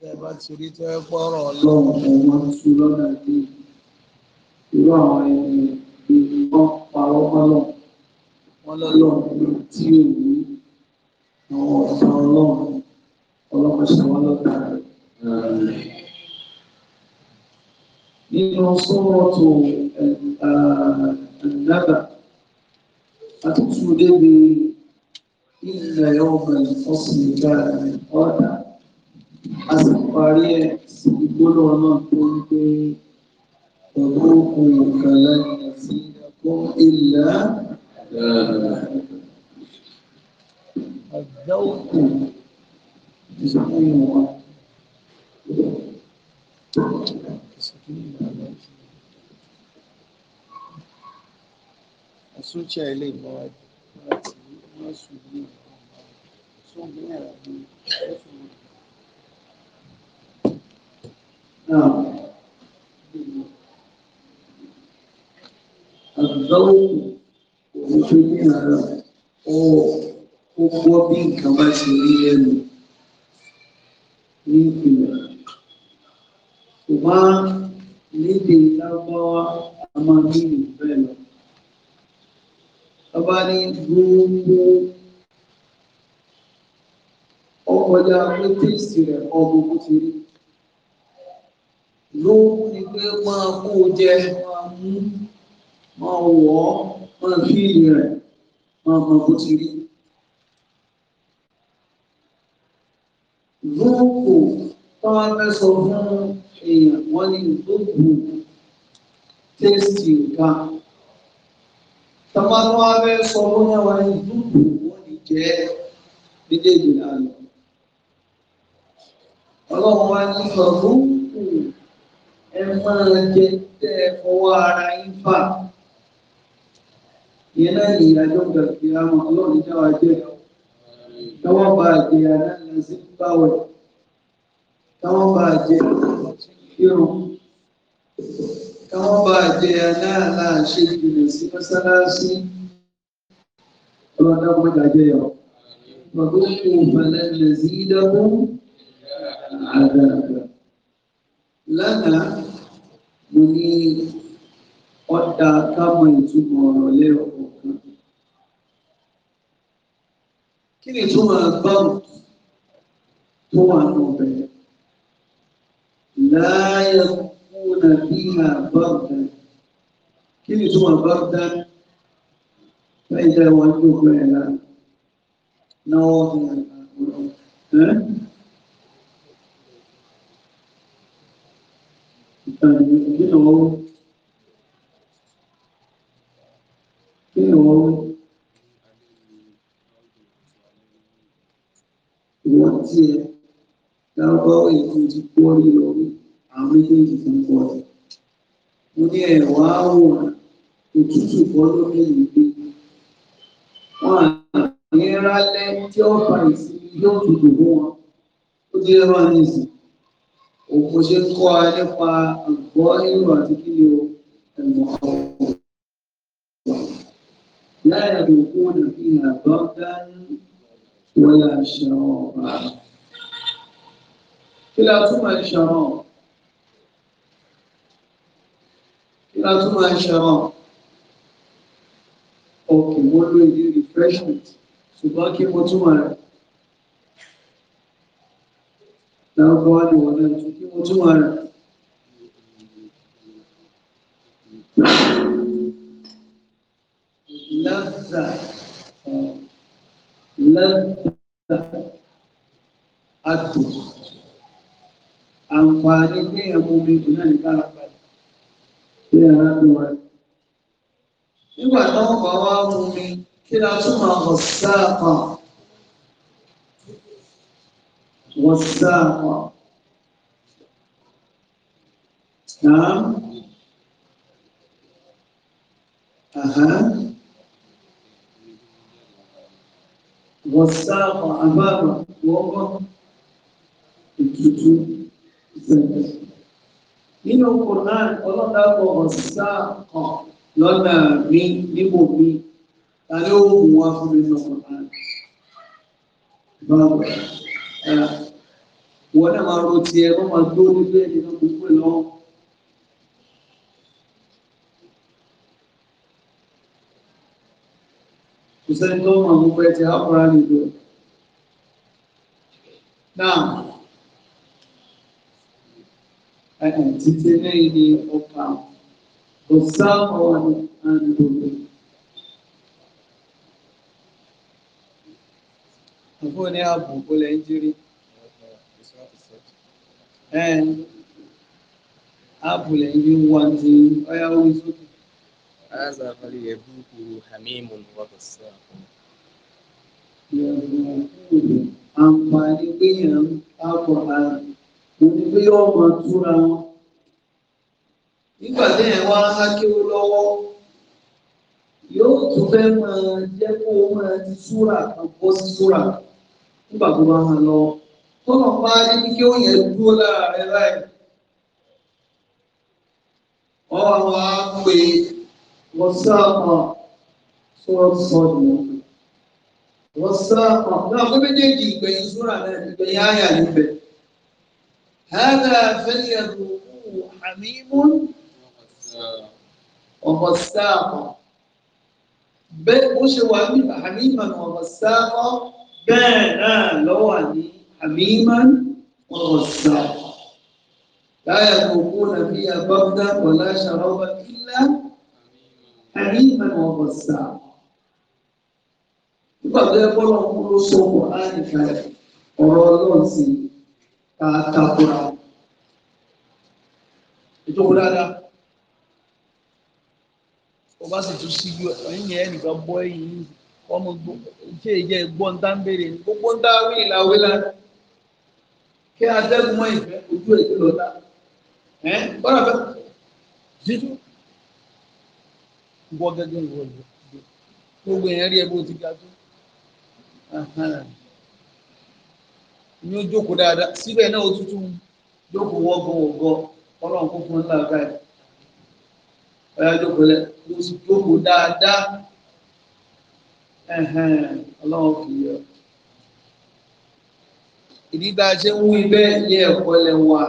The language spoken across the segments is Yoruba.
tẹ́ bá ti rí tẹ́ gbọ́rọ̀ ọlọ́run ẹ̀ máa ń sún lọ́nà yìí irú àwọn ẹni ìlú wọn parọ́ mọ́lọ̀ wọn lọ́lọ́run tí ò ní àwọn ọ̀tá ọlọ́run ọlọ́run ṣe wọn lọ́tà rẹ̀. nínú sọ́wọ́tò ẹ̀ẹ́dàgbà àtúntò débi ilẹ̀ ọ̀gbìn ọ̀sìn ìgbà ọ̀dà. a sì parí ẹ̀ sí gbóló náà tó ń pé ọgbọ́nkùn kàlẹ́ sí ẹ̀kọ́ ilẹ̀ àgbẹ̀wòkù ìṣẹ́yìn wa. Asúnṣe ilé ìgbọ́wájú láti wọ́n sùn ní ọ̀gbìn ẹ̀rọ ẹ̀fọn. àgbáwòkù òun tó ní ara ọ ó gbọ́ bí nǹkan bá ṣe rí lẹ́nu ní ìpìlẹ̀ ṣùgbọ́n nídìí lágbáwá a máa ní ìfẹ́ lọ ọba ní gbogbo ọkọjá pé tíìsì rẹ̀ kọ́ gbogbo ti rí ló ní pé máa kó jẹ máa mú máa wọ̀ ọ́ máa fíìlì rẹ̀ máa mọ bó ti rí. lóòkù táwa fẹ́ sọ fún èèyàn wọ́n ní lóòkù tẹ́sítì ọ̀gá tọ́ba tó wá fẹ́ sọ fún yàrá ní lóòkù wọ́n ní jẹ́ méjèèjì náà lọ. ọlọ́run wá ní sọ fún ẹ máa jẹ tẹ́ ẹ fọwọ́ ara yín fà ìyẹn náà lè yàjọ gbàgbé àwọn ọlọ́run dáwà jẹ́ káwọn bá jẹ aláìlá sí báwẹ̀ káwọn bá jẹ irun káwọn bá jẹ aláìlá ṣe ìgbìmọ̀ sí mọ́sálásí ọlọ́run dáwà jẹ́ yàwó. فذوقوا فلن نزيدهم عذابا لنا mo ní ọ̀dà kámọ̀ ìtumọ̀ ọ̀rọ̀ lẹ́ọ̀kọ̀ọ̀kan. Kí ni ìtumọ̀ àgbáwò tó wà ní ọbẹ̀? Láyé kúnà bí àbáwò Kí ni ìtumọ̀ àbáwò dání? Bẹ́ẹ̀ ni ìjà ìwà ń dùn fún ẹ̀ lára. Náwó ọ̀hún and you know, you know, wọ́n tiẹ̀ lárúbáwọ̀ èyí ti kọ́ rí lórí àwọn méjèèjì tó ń bọ̀ ẹ̀. mo ní ẹ̀wà àwòrán òtútù kọ́ lórí ìgbé wọn àní rálẹ́ tí ó fa ìsinmi yóò tutù fún wọn ó di ẹ̀rọ àníṣe òun ṣe ń kọ́ ẹ nípa àgbọ́ ìrù àti kí ni o ẹ̀mọ́ ọ̀hún. láì àdókòwò fi hàn gbọ́ngàn wọlé àṣàrọ̀ ọ̀bà. kí la tún máa ń kí la tún máa ń ọkùnrin wọn ló yẹ refreshment ṣùgbọ́n kí mo tún máa lárúbáwá ni wọn náà tún kí wọn tún wà rẹ. lẹ́zà lẹ́zà adùn àǹfààní pé ẹ̀mú mi kò náà ní kára padà pé ara mi wà. والساق نعم أها والساق أمامه وهو الكتب nínú Kùránì ọlọ́dàpọ̀ ọ̀sá kan lọ́nà mi níbò mi ta ló mú wá fún mi lọ́kùnrin báwo wọn náà máa ro tiẹ̀ wọn máa gbó nígbà ẹni náà kó pè lọ. kò sẹ́ni tó mọ̀ gbogbo ẹ̀ tí a kọ́ra nìjọ. náà ẹ ápùlẹ̀ ń bí wá ní ọyá orí sókè. I فليذوقه حميم وغساق àǹfààní pé yàn ń papọ̀ àrùn òun pé yóò máa túra wọn nígbà téèyàn wá hákéwó lọ́wọ́ yóò tún fẹ́ máa jẹ́ kó máa ti súrà kan bọ́ sí súrà nígbà tó bá hàn lọ́wọ́ tó lọ bá ní kíkẹ́ ó yẹ dúró lára rẹ láì. wọ́n wá pé wọ́n sáàmà tó wọ́n sọ nù. wọ́n sáàmà náà fún méjèèjì ìgbẹ̀yìn súrà náà ìgbẹ̀yìn àyà níbẹ̀. هذا فليذوقوه حميم وغساق bẹ́ẹ̀ bó ṣe wà ní àmì ìmọ̀nà ọ̀sán bẹ́ẹ̀ náà lọ́wọ́ ní حميما وغساقا لا يذوقون فيها بردا ولا شرابا إلا حميما وغساقا nígbà tó yẹ kọ́lọ́ ń ló sọ́kọ̀ láàyè kalẹ̀ ọ̀rọ̀ sí ta takora dáadáa ó bá sì tún síjú ẹ̀yìn ẹ̀ nìkan bọ́ ọmọ gbọ́ ìṣe ìjẹ́ gbọ́ ń dá ń béèrè gbogbo ń dá wíìlà wíìlà kí atẹ́gùn mọ́ ìfẹ́ ojú èdè lọ́ta ẹ́ bọ́dà fẹ́ jíjú bọ́ gẹ́gẹ́ ìwọ ìwọ gbogbo èèyàn rí ẹgbẹ́ òtí ga tó ní ó jókòó dáadáa síbẹ̀ náà ó tútù jókòó wọ́gbọ̀n ògọ́ ọlọ́run kó fún ńlá ọ̀gá ẹ̀ ọ̀yá jókòó lẹ̀ ló sì jókòó dáadáa ọlọ́run kì í yọ ìdíta ṣe ń wí bẹ́ẹ̀ ní ẹ̀kọ́ ilẹ̀ wa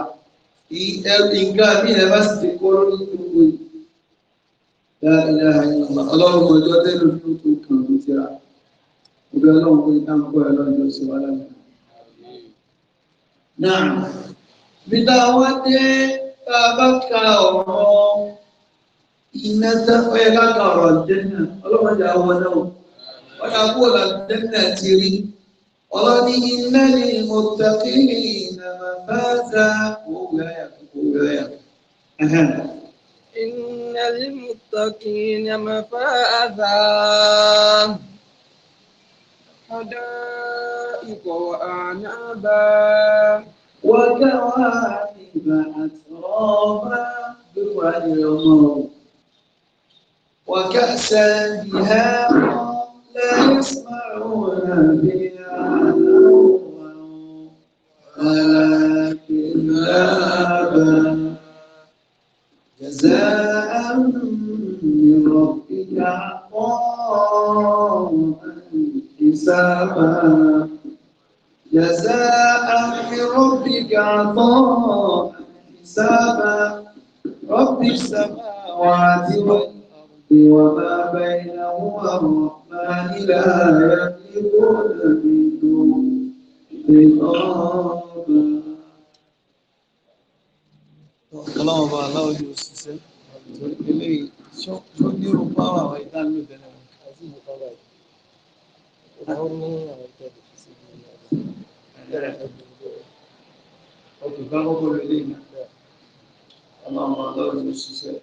nǹkan bí ilẹ̀ bá sì ti kó lórí gbogbo ọlọ́run ọjọ́ tẹ́lẹ̀ tó tó kàn ló ti ra ọbẹ̀ ọlọ́run pé ká ń kọ́ ẹ lọ́jọ́ sí wa lálẹ́. náà bí tá dé tá a bá ka ọ̀rọ̀ iná sẹ́fẹ́ ká ka ọ̀rọ̀ jẹ́ náà ọlọ́run jà wọ náà wọ́n kó làjẹ́ náà ti rí. إن للمتقين مفازا أولئك أولئك إن للمتقين مفازا حدائق وأعنابا وكواكب أترابا دول اليوم وكأسا بها لا يسمعون بها ولكن أبى جزاء من ربك عطاء حسابا جزاء من ربك عطاء حسابا رب السماوات والأرض وما بينهما لا يملكون منه رقابا ọlọ́run ọba aláwọ̀ yóò ṣiṣẹ́ eléyìí ṣó ní irun pàwọ́ àwọn ìdánilò tẹ́lẹ̀ wọn. àti ìlú bàbá yìí àwọn ní àwọn ìtọ́jú fi sí ìlú náà. ọkùnrin kan kọ́kọ́ rẹ̀ lé náà ọlọ́run ọba aláwọ̀ yóò ṣiṣẹ́.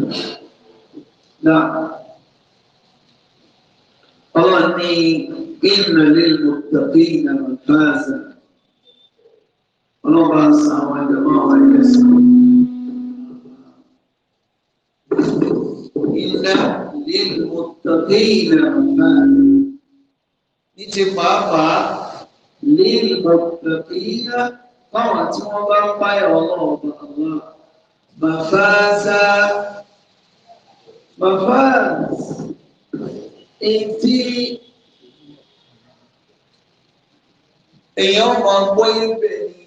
Thank you náà ọlọ́run ní ìnà lílo tàbí ìnànà fáàzà ọlọ́ba ń sa àwọn ìjọba àwọn ilé sí ìnà lílo tàbí ìnànà fáàzà ní ti pàápàá lílo tàbí ìnà mafaz etí èèyàn máa gbọ́ ibẹ̀ ni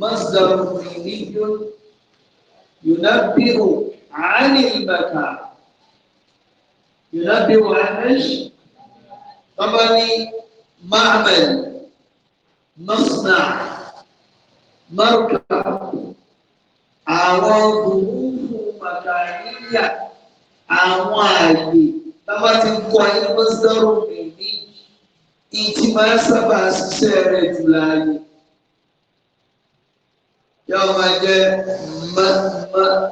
masdar ìníjọ́ yunabiru àánì ìbàkà yunabiru àánẹ́ṣì bàbá ní ma'amal masna marka àwọn gbogbo màkàríyà àwọn ààyè bàbá ti ń kọ́ ayé mọ́sítọ́rù mìíní ìtì máa sábà ṣiṣẹ́ rẹ̀ jù láàyè. yóò máa jẹ́ mọ́lá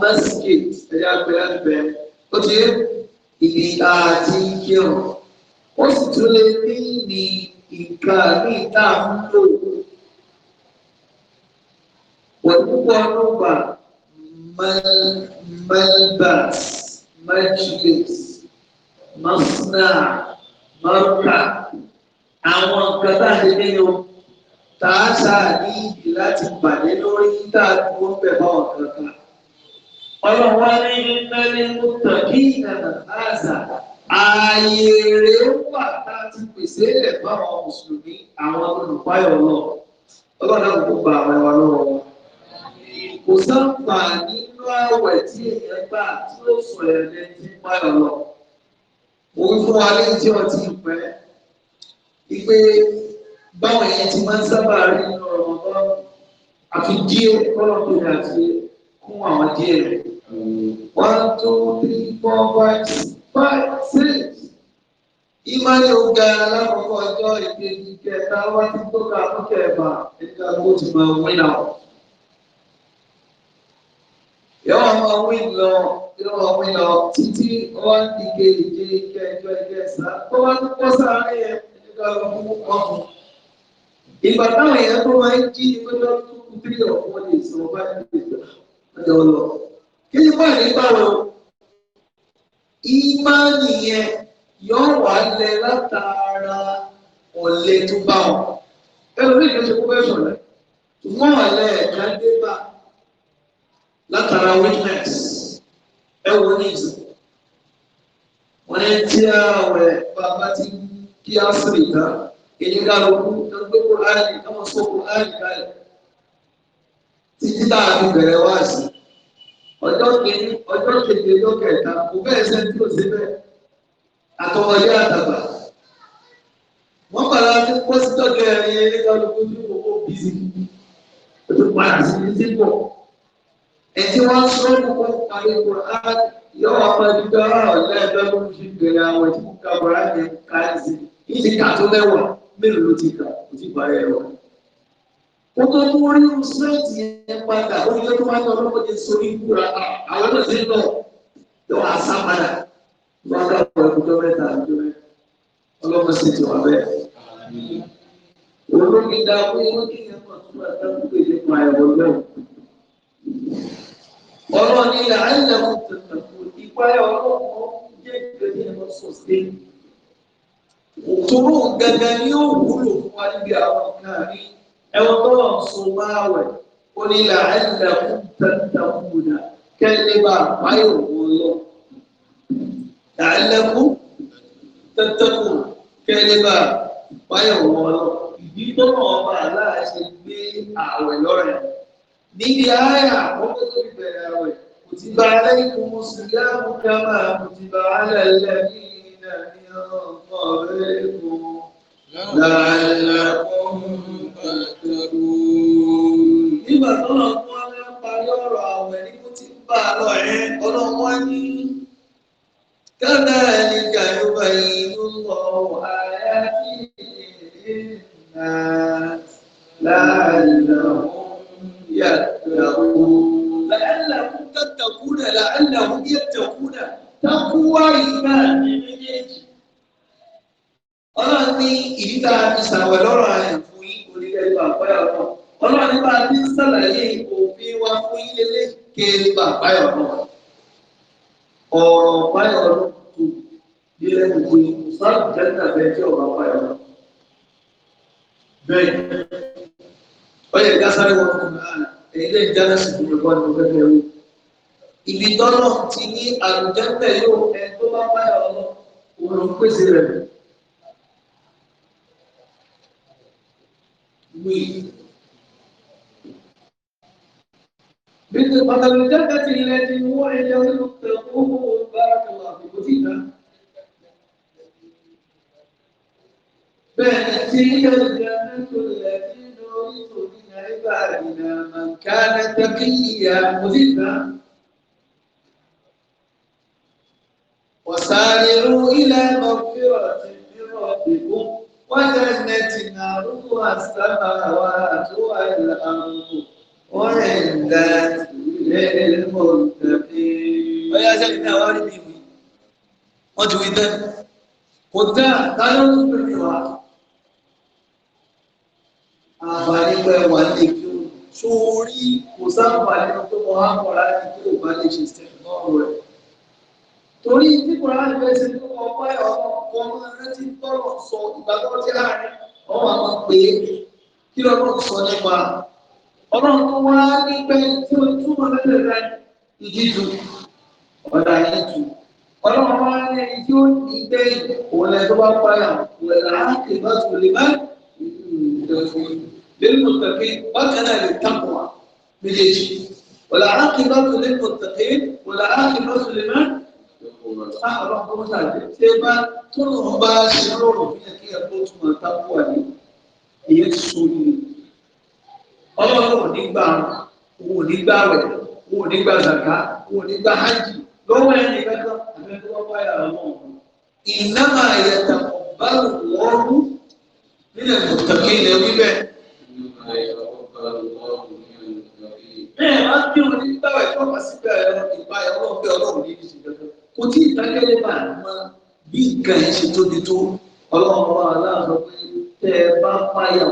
mọ́síkìt ẹ̀yà pẹ̀lẹ́pẹ̀ ó ti ìní àti yẹ̀wò ó sì tún lè ní ìní ìka ní ìta ń lò. wọ́n púpọ̀ ló gbà. ملبس مجلس مصنع مركب àwọn nǹkan tá a lè nínú tá a ṣáàní ìdí láti pàdé lórí tá a tó ń bẹ̀ bá ọ̀kan kan. ọlọ́run wá ní mẹ́rin mú tàn kí ìlànà àṣà ààyè rẹ̀ wà láti pèsè ilẹ̀ fáwọn mùsùlùmí àwọn olùpáyọ̀ náà ọlọ́run náà kò bá àwọn ẹwà lọ́wọ́ wọn kò sáǹfà nínú àwẹ̀ tí èèyàn gbà tí ó sọ ẹ̀rẹ́ tí ń báyọ̀ lọ. Òun fún wa létí ọtí ìpẹ́ wípé báwọn èèyàn ti máa ń sábà rí nínú ọ̀rọ̀ náà àfi díẹ̀ kọ́lọ́pìnrin àti kún àwọn díẹ̀ rẹ̀. One two three four five five six. Ìmọ̀lẹ́ ọ̀gá alákọ̀ọ́kọ́ ọjọ́ ìkejì kẹta wá sí tó ká fún kẹfà nígbà tó ti máa wí náà yọ ọmọ wí lọ yọ ọmọ wí lọ títí wọn dìde ìdè kẹjọ ìkẹsà tó wá kó sáré yẹn nígbà ọmọ ọmọ ìgbà táwọn èèyàn tó máa ń jí ìgbẹ́jọ́ tó kú tírí ọ̀pọ̀ lè sọ bá ní ìgbà lọ. kí ni bá ní báwo ìmánì yẹn yóò wà lẹ látara ọ̀lẹ tó bá wọn. ẹlòmíràn ló ṣe kó bẹ́ẹ̀ sọ̀rọ̀ ṣùgbọ́n ọ̀lẹ ẹ̀ka dé bá a látara witness ẹ wo ní ìsìn wọn ní tí a wẹ bàbá tí kí a sèrè ká èyí ká ló kú ká gbé kó áyì ká mọ sọ kó áyì káyì títí tá a fi bẹ̀rẹ̀ wá sí ọjọ́ kejì ọjọ́ kejì ọjọ́ kẹta kò bẹ́ẹ̀ sẹ́ tí o ṣe bẹ́ẹ̀ àtọwọlé àtàgbà wọ́n bàrà ní pọ́sítọ̀ kẹrin ẹni ká ló kú ní owó bìsí o ti ní sípò ẹtí wọn sọ kókó parí quran yóò wá máa ah, dúdú ọ̀rọ̀ ọlẹ́ẹ̀dọ́ ló ń fi bẹ̀rẹ̀ àwọn ẹtí kúkà bọ̀rọ̀ àti káàzì yìí ti kà tó mẹ́wàá mélòó ló ti kà kò ti parí ẹ̀rọ. ó tó mú orí rúṣẹ́ẹ̀tì yẹn padà ó yẹ kó wá ní ọlọ́pàá ti sórí kúra àwọn náà ti lọ yóò wá sá padà wọn ká wọ ẹkùjọ mẹ́ta àjọ rẹ ọlọ́pàá sì ti wà bẹ́ẹ̀. olóògbé dáa fún irú kí ọlọ́run ní ilà ńlẹ̀ kò tẹ̀lé kò ìpayà ọlọ́run jẹ́ ìgbẹ́ni ẹ̀rọ sọ̀sẹ́ òtúrò gangan ni ó wúlò fún wa níbi àwọn nǹkan ẹ̀wọ̀n tó ń so máa ó ní ilà ńlẹ̀ kò tẹ̀lé dà kẹ́lẹ́ bá àpáyọ̀ wọn lọ. làálẹ́kùn tẹ́tẹ́kùn kẹ́lẹ́ bá àpáyọ̀ wọn lọ. ìdí tó náà bá aláàṣẹ gbé ààwẹ̀ lọ́rẹ̀ níbi ààyè àkọ́kọ́ tó fi bẹ̀rẹ̀ àwẹ̀ kò ti bá aláìkú mùsùlùmí ká máa kò ti bá alẹ́lẹ́ ní iná ní ọ̀pọ̀ rẹ̀ kù láàlàkùn pàtàkì. nígbà tó lọ fún ọlẹ́ parí ọ̀rọ̀ àwẹ̀ ni kò ti bá a lọ ẹ̀ ọlọ́wọ́ ní. كذلك يبين الله آياته للناس لعلهم يتقون لعلهم تتقون لعلهم يتقون تقوى إيمان ọlọ́run ní ìdí tá a fi ṣàwẹ̀ lọ́rọ̀ àyàn fún yín onílẹ̀ ìgbà àpáyà ọ̀pọ̀ ọlọ́run nípa bí ń ṣàlàyé òfin wa fún yín lélẹ́kẹ̀ ìgbà àpáyà ọ̀pọ̀ ọ̀rọ̀ àpáyà ọ̀pọ̀ tó bí lẹ́nu fún yín sáà jẹ́ tàbí ẹjọ́ ọ̀rọ̀ àpáyà ọ̀pọ̀ bẹ́ẹ̀ ọyẹ ká sáré wọn kò náà èyí lè já lẹsìn Tono lọ bọ́ọ̀lù gẹ́gẹ́ wí. ibi tọ́lọ̀ ti ní àlùjẹ́pẹ̀ yóò ẹ tó bá báyọ̀ ọ òun ló ń pèsè rẹ̀. wí. مثل الجنة التي وعد المتقون بارك الله فيكم فيها بل تلك الجنة تقيا مذلة وسارعوا إلى مغفرة من ربكم وجنة عرضها السماوات والأرض وعندت للمتقين يا سيدنا والدي وجودا قد قالوا بالرواق أخباري ويا والدي tó rí kò sáàpà nínú tó mọ àpọ̀ láti tó bá lè ṣe ìsẹ̀kùn rẹ̀ torí tí kò rárá ìfẹ́ sí tó mọ ọmọ ẹ̀ ọmọ ọmọ rántí tọrọ sọ ìgbàgbọ́ tí láàrin ọmọ àwọn pé kí lọ́dún sọ nípa ọlọ́run tó wá nígbẹ́ tí ó túmọ̀ lẹ́lẹ̀ rẹ̀ ìdíjú ọ̀dà ìdíjú ọlọ́run wá ní ẹni tí ó nígbẹ́ òun ẹ̀ tó bá pààyàn òun ẹ̀ láti للمتقين وكذا للتقوى بجيش والعاقبة للمتقين والعاقبة لمن؟ أحرق مساجد سيبا تنه باشرون فيها كي يقول ثم تقوى لي يسوني ọlọ́run ò ní gbà òun ò ní gbà wẹ̀ òun ò ní gbà zàká òun ò ní gbà hajj lọ́wọ́ ẹni kankan àbẹ́tí wọ́n bá yàrá mọ́ ọ̀hún. ìnáwó àyẹ̀tà ọ̀bá lòwọ́rú nílẹ̀ mọ̀tàkì ilẹ̀ wíbẹ̀ ẹ máa ń kírun ní gbàgbé tó wà síbẹ̀ ìgbà ẹ̀rọ pé ọlọ́run ní ìṣe kankan kò tí ì dákẹ́lẹ́ bá mọ bí nǹkan ẹ̀ ṣe tóbi tó ọlọ́run ọba aláàánú pé tẹ́ ẹ bá páyà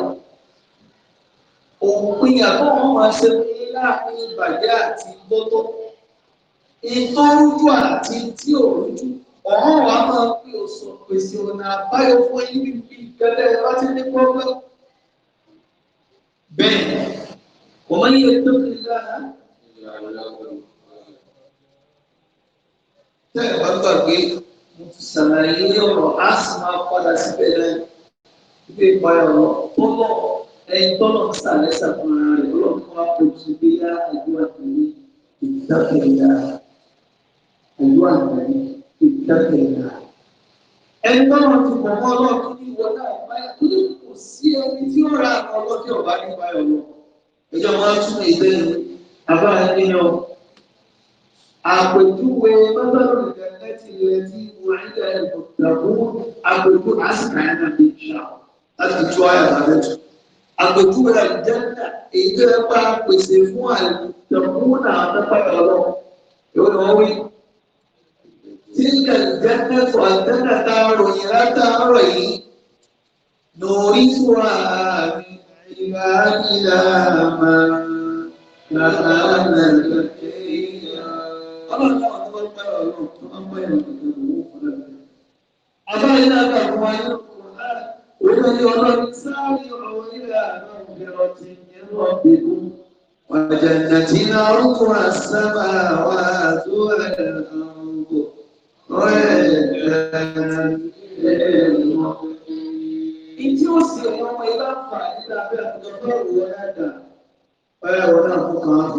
òpin yàtọ̀ wọn máa ṣe pé láàrin ìbàjẹ́ àti gbọ́tọ̀ ìtọ́rújú àti tí ò ọ̀hún wa máa pè ó pèsè ọ̀nà àbáyọ fún yín bíi ìkẹlẹ́ láti ní pọ́blẹ́mù bẹ́ẹ̀ wọ́n máa ń yẹ tó kí lára. tẹ́ ẹ̀ bá gbàgbé mo ti ṣàlàyé ọ̀rọ̀ á sì máa padà síbẹ̀ náà ibi ìparí ọ̀rọ̀ tó lọ ẹni tó lọ sàlẹ̀ sàkóra rẹ̀ ọlọ́run wá kó ti gbé yá àdúrà tẹ̀lé ìdákẹ̀yà àdúrà tẹ̀lé ìdákẹ̀yà. ẹni tó ti bọ̀ mọ́ ọlọ́run tó ní wọlé àgbáyé tó ní sí ẹni tí ó ra àwọn ọlọ́dẹ ọ̀bá nípa ẹ̀ lọ. ẹjọ́ máa ń tún ìgbé ni abáyé nínú àpèjúwe mọ́tọ́rọ̀ ìgbẹ́lẹ́ ti lè ti wọ́n ilẹ̀ ìgbàgbọ́ àpèjú àsìkò àyànnà bíi ṣá láti tú àyà lálẹ́ tù. àpèjúwe àjẹ́ńdà èyí tó yẹ pa pèsè fún àìjọ̀kún náà pẹ́pẹ́ ọlọ́run. èwo ni wọ́n wí tilka jannatu àtẹ́nà tá a ròyìn látàárọ̀ yìí نورثها من عبادنا من كان زكيا أبينا بهو القرآن ومن يرى سارع إلى مغفرة من ربكم وجنة عرضها السماوات والأرض وعدا للمؤمنين ìdí òsì ẹ̀yọ́ ọmọ ilé àǹfààní lábẹ́ àtọ́jọ́ ìwọ náà dà ọ̀yà ìwọ náà fún kan á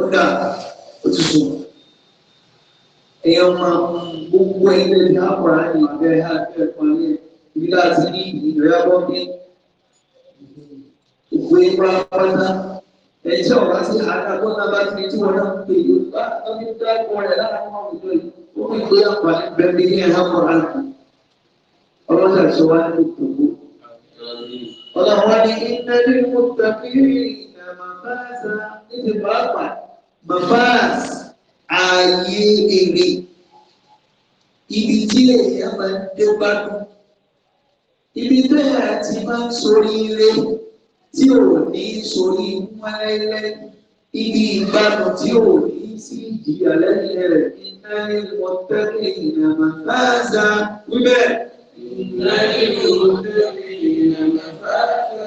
ó dà ó ti sùn. ẹ̀yọ́ máa ń gbogbo ẹgbẹ́ ní àkùrá ní ìgbẹ́ àgbẹ̀ ìpàlẹ̀ ìbí láti ní ìrẹ́ ọgbọ́n ní ìwé pátápátá ẹ̀yìn tí ọ̀rọ̀ àti àdàgbọ́n náà bá ti tí wọ́n náà ń pè é bá tọ́jú dákọ̀ rẹ̀ láàárín àwùjọ yìí ó fi gbé àpàlẹ̀ bẹ́ẹ̀ ní ẹ̀rọ àkùrá ọlọ́jà ìṣọwá ní ìpò ọlọ́wọ́ ni iná ní mọ́tàkìrì ìnà màfáàsà níbi pàápàá màfáàs ààyè èrè ibi tí èèyàn máa ń dé gbádùn ibi bẹ́ẹ̀ àti máa ń sori ilé tí ò ní sori mọ́lẹ́lẹ́ ibi ìgbádùn tí ò ní sí ìjìyà lẹ́yìn rẹ̀ iná ní mọ́tàkìrì ìnà wíbẹ̀. Ìnáyé ló ń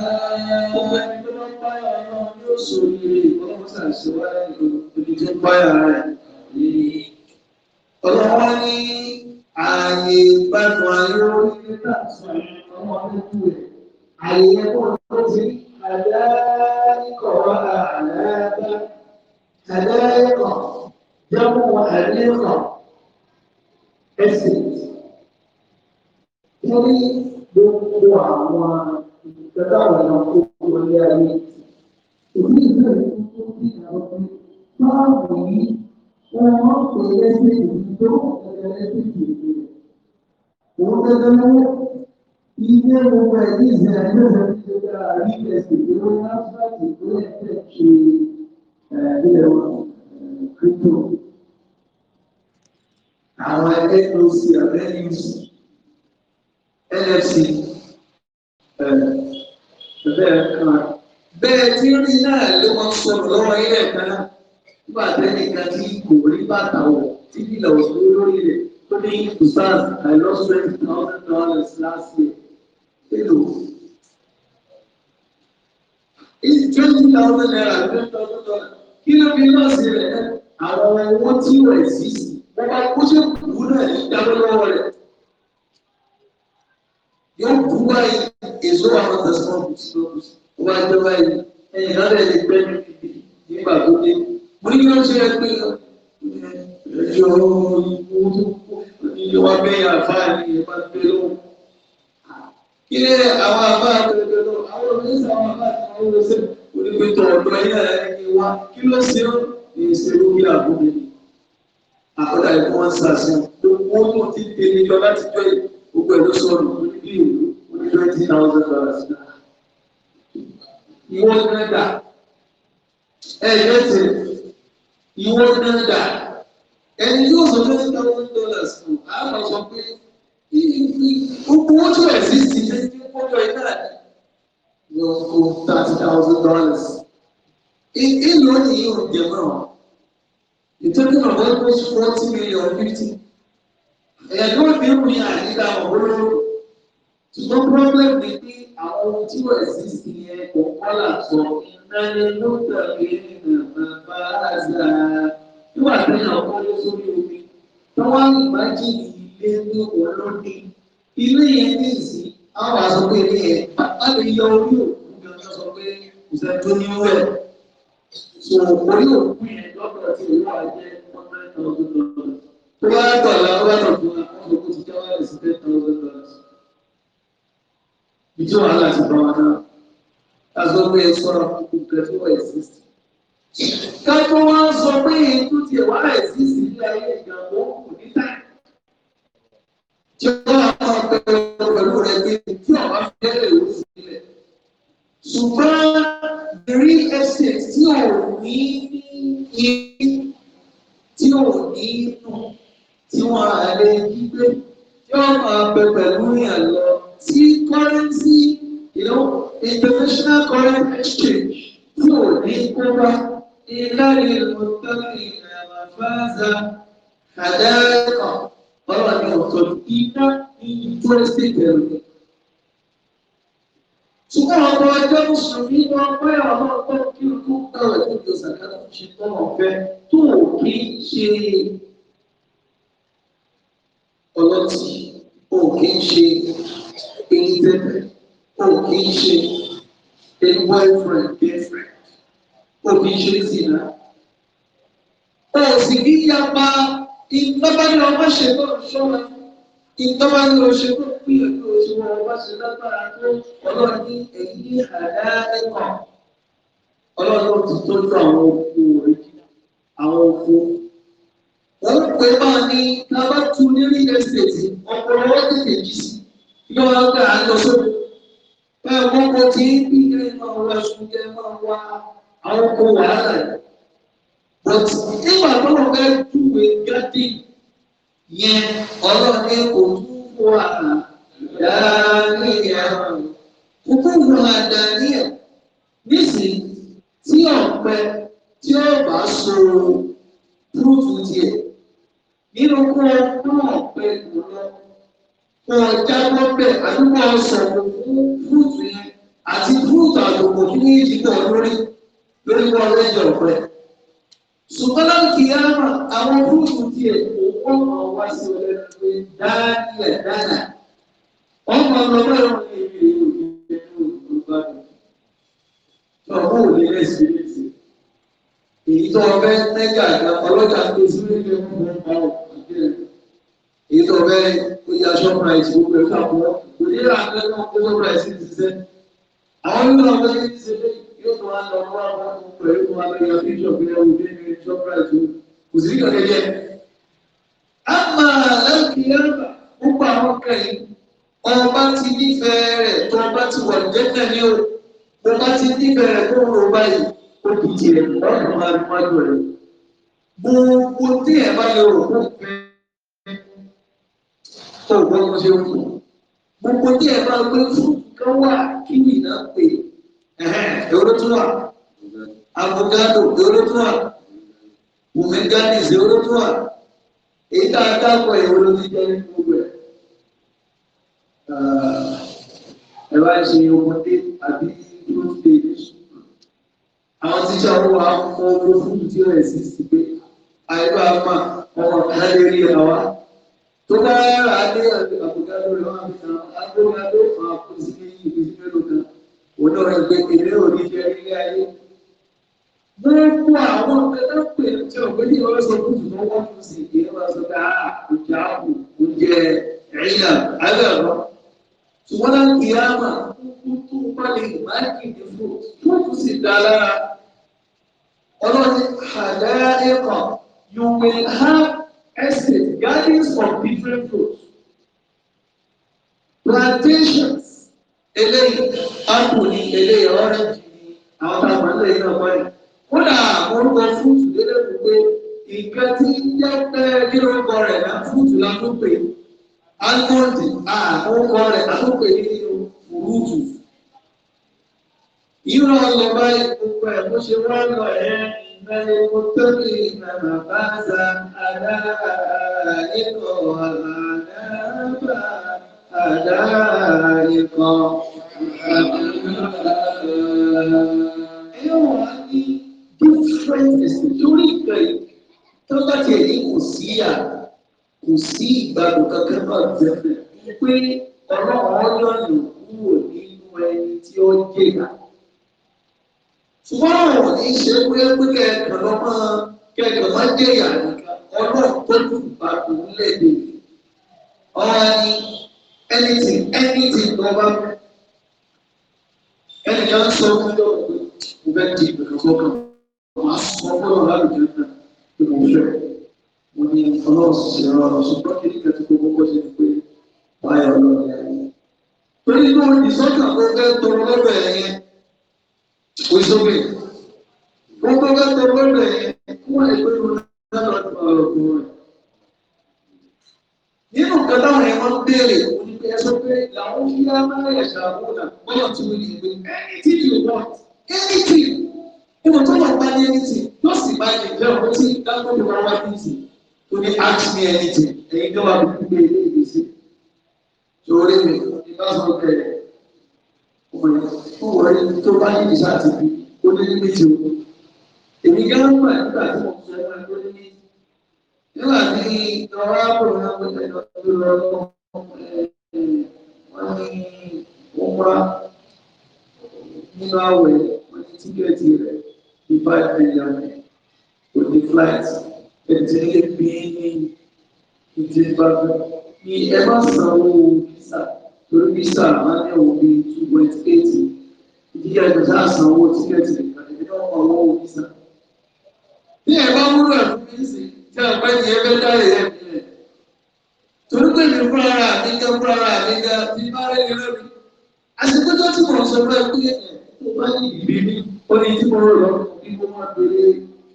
Gbogbo ẹni tó bá ń báyà náà yóò sọ ìrè ìfọwọ́sà ìṣòwárà ìgbòho tó ń báyà rẹ̀. Ọlọ́wọ́ ní ààyè ìgbádùn ayé orí nígbà tí àwọn ọmọdékù rẹ̀. Ààyè ẹ̀kọ́ ló ti àdá ìkọ̀wá àdáyàbá. Àdáyàkọ̀ jẹ́mú àdéhùn ẹ̀sìn. Torí gbogbo àwọn ìjọba àwọn èèyàn kó wọlé ayé òní ìbéèrè tuntun bí àwọn ọmọ báwo ni wọn máa ń pè lẹ́sẹ̀ ìdúró ẹ̀rọ lẹ́sẹ̀ ìdúró òun tẹ́lẹ̀ lọ́wọ́ ilé gbogbo ẹ̀dí ìsìn àìlẹ́sẹ̀ ìjọba àrí ẹ̀sìn ìdúró láti ìdúró ẹ̀fẹ̀ ṣe ilẹ̀ wọn kíríptò àwọn NOC àbẹ́yìn NFC bẹ́ẹ̀ kan bẹ́ẹ̀ tí ó rí náà ló máa ń sọ̀rọ̀ lọ́wọ́ ilé ẹ̀ka náà nígbà tẹ́lẹ̀ kan tí kò rí bàtà wọ̀ tí kìlọ̀ òṣèlú lórí rẹ̀ tó ní usas I lost twenty thousand dollars last year hello is twenty thousand naira twenty thousand dollars kí ló fi lọ́ọ̀sì rẹ̀ àwọn owó tí wọ́n ẹ̀ sí wọ́n bá kó ṣe kú náà ní ìdáwọ́ lọ́wọ́ rẹ̀ yóò bú báyìí èso àwọn tẹ̀sán tó bá jẹ́ báyìí ẹ̀yìn lọ́dẹ̀ lè pẹ́ nígbà tó dé mo ní kí wọ́n ṣe ẹgbẹ́ ẹ̀yọ ìwọ tó kọ́ ìyọ wa bẹ́ẹ̀ àfáà ni ìyẹn bá gbé lọ́wọ́ kí ẹ àwọn àfáà tó gbé lọ́wọ́ àwọn oníṣẹ́ àwọn àfáà tó ń wọ́n ṣe onígbẹ́tọ̀ ọ̀dọ́ ẹ̀yà ẹ̀yìn wa kí ló ṣe ó ní ìṣèlú bí àbúrò àkọ́dà ìfọwọ́nsà sí gbogbo tó ti tẹ̀lé lọ láti jọ gbogbo ẹ̀ ló sọ̀rọ̀ you with twenty thousand dollars now. Ìwọ náà dà. Ẹ lẹ́sẹ̀, ìwọ náà dà. Ẹni yóò sọ twenty thousand dollars fún a lọ sọ pé gbogbo owó tí wọ́n ẹ̀sì sí ṣe ti ń kọjọ iná rẹ̀. Yọ kó thirty thousand dollars. Ìlú yìí ò jẹ náà. Ìtọ́jú náà wọ́n kó forty million fifty. Ẹ̀yà tó ń bí ìròyìn àyíká ọ̀hún ṣùgbọ́n problem ni pé àwọn ohun tí wọ́n sì sí yẹn kò kọ́là sọ ìdánilóta kìíní nàmà bá a zà nígbà tí àwọn kọ́lé sórí omi táwọn ìbájí ilé ní olóde ilé yẹn ní ìsìn àwọn àsọpé ilé yẹn bàbá lè yọ orí òkú ni wọ́n sọ pé kò sẹ́ni tó ní wẹ̀ so orí òkú yẹn lọ́dọ̀ tí ìlú wa jẹ́ one hundred thousand dollars tó bá tọ̀ láwọn bá tọ̀ fún wa wọ́n sọ pé ó ìjọ wàhálà ti bá wọn náà azọ pé ẹ sọ̀rọ̀ ìgbẹ tó wà ẹsìsì kájú wá sọ pé ètò ti wà ẹsìsì ní ayé ìgbàgbọ́ kò ní táì tí wọn bá wọn pẹ pẹ̀lú rẹ pé tí wọn bá fẹ́ lè wò sí ilẹ̀ ṣùgbọ́n the real estate tí ò ní ní tí ò ní nù tí wọn à lè yí tí currency you know, international current exchange tí ò ní kó wá ilé ìlòtọ́lì àmàfáàzà àdáyẹ̀kọ̀ ọ̀rọ̀ ni ọ̀tọ̀ iná ní ìtúrẹ́sì bẹ̀rù. ṣùgbọ́n ọmọ ẹgbẹ́ mùsùlùmí ní ọgbẹ́ ọmọ ọgbẹ́ kí o tó kọ̀wé tó tó sàkánà ṣe tán ọ̀fẹ́ tó ò kí ń ṣe ọlọ́tì ò kí ń ṣe King David, o kì í ṣe a boyfriend girlfriend, o kì í ṣe zina. O sì kí yapa ìtọ́ba ní ọmọ ṣe tó ṣọ́ra, ìtọ́ba ní oṣù tó gbìyànjú oṣù wọn ọba ṣe lágbára tó ọlọ́run ní èyí àdá ẹ̀kọ́. Ọlọ́run ti tọ́jú àwọn òkú rẹ̀, àwọn òkú wọ́n pè é bá ní abátú nílé ẹsẹ̀tì ọ̀pọ̀lọpọ̀ tètè jí sí ìjọba ń gbà lọ sóko ẹ gbogbo tí ń bí ilé máa wá ṣùgbọ́n ẹ máa wá àwọn kò wàhálà yìí but nígbà gbọ́dọ̀ fẹ́ júwe jáde yẹn ọlọ́ọ̀ni kò túbọ̀ àná dáníyà kúkú wọn dáníyà nísìnyí tí ọ̀pẹ tí ó bá so púrúfù tiẹ̀ nínú kó ọ̀pẹ kò kó o jáwọ́ bẹ̀ àdúgbò ọ̀sán fún fúùtù yẹn àti fúùtù àdúgbò kí ní ìdíbọ̀ lórí lórí wọn lẹ́jọ̀ ọ̀pẹ. ṣùgbọ́n láti yára àwọn fúùtù tiẹ̀ kò wọ́n kàn wá sí ọ̀rẹ́ pé dáníẹ̀ dáná. wọ́n kàn lọ bẹ́ẹ̀ wọ́n ní ìlú ìlú ìlú ìlú bá mi. ọ̀pọ̀ ò ní lẹ́sìn lẹ́sìn. èyí tó ọbẹ̀ nẹ́jà ọlọ́jà tó sílé ní ọmọ èyí tó bẹ́ẹ̀ ó yá shoprite gbogbo ẹ̀fọ́ àkọ́kọ́ kò ní ra nǹkan náà pé shoprite ti ṣiṣẹ́ àwọn nínú àwọn tó ti ṣe pé yóò tó wá lọ wá wọn pẹ̀lú wọn lọ yọ píṣọ̀ pé ẹ wò dé ní shoprite o kò sí kàkẹ́ yẹ. a máa lẹ́kì yàrá púpọ̀ àwọn kẹ́yìn ọba ti nífẹ̀ẹ́ rẹ̀ tó ọba ti wà lẹ́tẹ̀ ní o ọba ti nífẹ̀ẹ́ rẹ̀ tó ń ro ó kì í tiẹ̀ lọ́rùn máa ń wájú rẹ̀ gbogbo tí ẹ̀ bá yọ òkú fẹ́ẹ́ tó o gbọ́dọ̀ ṣe wù. Gbogbo tí ẹ bá gbé fún kan wà kí ni ìná pè ẹ̀wọ́n ló tún wà. Avocado ẹ̀wọ́n ló tún wà. Wùmẹ́gánìs ẹ̀wọ́n ló tún wà. Èyí tá a dákọ̀ ẹ̀wọ́n ló ti jẹ́ gbogbo ẹ̀. Ẹ bá ṣe ọmọdé àbí ló ń pè é Àwọn tíṣà owó wa kọ́ owó fún ìdílé ẹ̀ sí pé àìbá máa ọmọ kan lè rí ẹ̀ Gbogbo ara adé àbùdá lórí wọn àti àwọn agbóhùnadó àwọn akóso ní ìlú mélòó kan. Òun náà gbé kéré òní jẹ ilé ayé. Gbogbo àwọn ọ̀gá pè tí ọ̀gbẹ́ ní ọlọ́sọ tó tù wọ́n wọ́n sì kí ẹ máa sọ pé àá ìjà ààbò oúnjẹ ẹ̀yà àgbẹ̀rọ. Ṣùgbọ́n láti yáàmà tó bá lè má àdáyé kan, you will have estate, gardens of different fruits, plantations, eléyìí, apple ni, eléyìí orange ni, àwọn tá a mọ̀ nílẹ̀ iná ọ̀gbọ́n yìí. Kódà orúkọ fúrúùtù lélẹ̀ kò pé nǹkan tí ń jẹ́ pẹ́ kí ló ń kọ rẹ̀ náà fúrúùtù la tó pè é. Almond àkókò rẹ̀ la tó pè é nínú fúrúùtù. Yíyan lọ báyìí gbogbo ẹ̀ bó ṣe wá lọ ẹ̀ ẹ́. بل متقين مفازا على أرائك وعلى أرائك difference torí kan tó bá tiẹ̀ ní kò sí à kò sí ìgbàgbọ́ kankan náà jẹ́ pé ọlọ́run ọlọ́run kúrò nínú ẹni tí ó jẹ́ ìgbàgbọ́ ṣùgbọ́n àwọn ní í ṣe pé pé kẹ̀kẹ́ lọ máa kẹ̀kẹ́ máa jẹ́ ìyàwó ọlọ́run tó kù bá òun lè ọ̀rọ̀ ni anything anything tó bá ẹnì kan sọ fún yóò pé mo fẹ́ di ìgbẹ̀rẹ̀ fọ́kàn màá sọ fọ́lọ́ lálùjọ náà pé mo fẹ́ mo ní ọlọ́run sì ṣe rọrùn ṣùgbọ́n kí nígbà tí gbogbo kọ́ ṣe ni pé báyọ̀ ọlọ́run yẹn. Wisdom. Mungu katika kwenda kuwa ikwenu nalo kwa Nino kadao ya mambele kumpesope la ongea na ya shabuna moja mtumini anything you want anything you want to buy anything just buy it there what you that what you want is to be ask me anything and you know I'm going to be busy so really that's okay pé ó wọ ẹni tó bá yí ìṣá ti bí ó ní ní méjì o èmi gẹ́gẹ́ mọ̀ nígbà tí mo fẹ́ máa tó ní ní nígbà tí ọ̀rọ̀ àbò náà wọ́n ti lọ sí ọ̀rọ̀ wọn ní wọ́n nínú àwẹ̀ wọ́n ní tíkẹ́ẹ̀tì rẹ̀ ní five million kò ní flight ẹ̀jẹ̀ lè gbé ní ìdí ìbàdàn ní ẹ má sanwó visa torí bí sáà máa ní òun bíi two point eight ìdíyà ìjọba àṣà owó tíkẹ́ẹ̀tì ìgbàlejò náà wà owó òbí sá. bí ẹ bá wúlò ẹ̀ fún mi sí tí a pẹ́ ní ẹgbẹ́ dáre yẹn fi rẹ̀. torí pé mi fúnra ara mi jẹ́ fúnra ara mi jẹ́ bí bá rẹ̀ yẹn lórí. àsìkò tó ti mọ̀ sọ fún ẹ pé ẹ tó bá ní ìbí mi ó ní tí mo rò lọ bí mo máa béèrè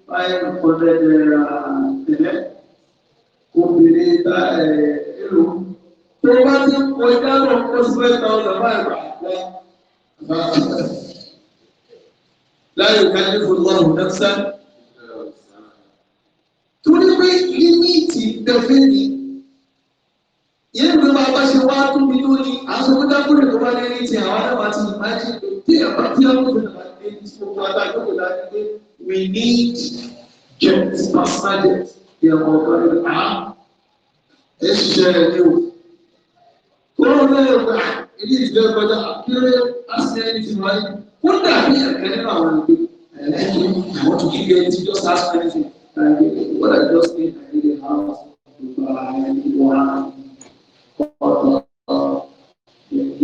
five hundred naira tẹ̀lẹ́ kó béèrè ẹ ẹ lò ó tó bá ti kọjá lọ kó sílẹ̀ táwọn bàbá rà lọ. láyé kájú fún wọn ò dáńsá. torí pé límìtì dẹ̀fẹ́ ni yẹn ló máa bá ṣe wá tóbi lórí aṣọ́kúndàkúrò tó bá lérí ti àwọn àdáwà ti ìmájì pé tí àbá tí a kò náà lè ti gbogbo àtàkùn láti pé we need jets passages ìyàwó ọ̀gá rẹ̀ á. ẹ ṣiṣẹ́ rẹ̀ ní òkú wọ́n lọ yẹ kó ilé ìgbẹ́ kọjá àkéré asinẹ́ni ti wáyé kó dàbí ẹ̀kẹ́ nínú àwọn ẹ̀gbẹ́ ẹ̀ẹ́dì àwọn tó kí bẹ́ẹ̀ ti just ask me to what I just need I need a house to buy one ọ̀dọ̀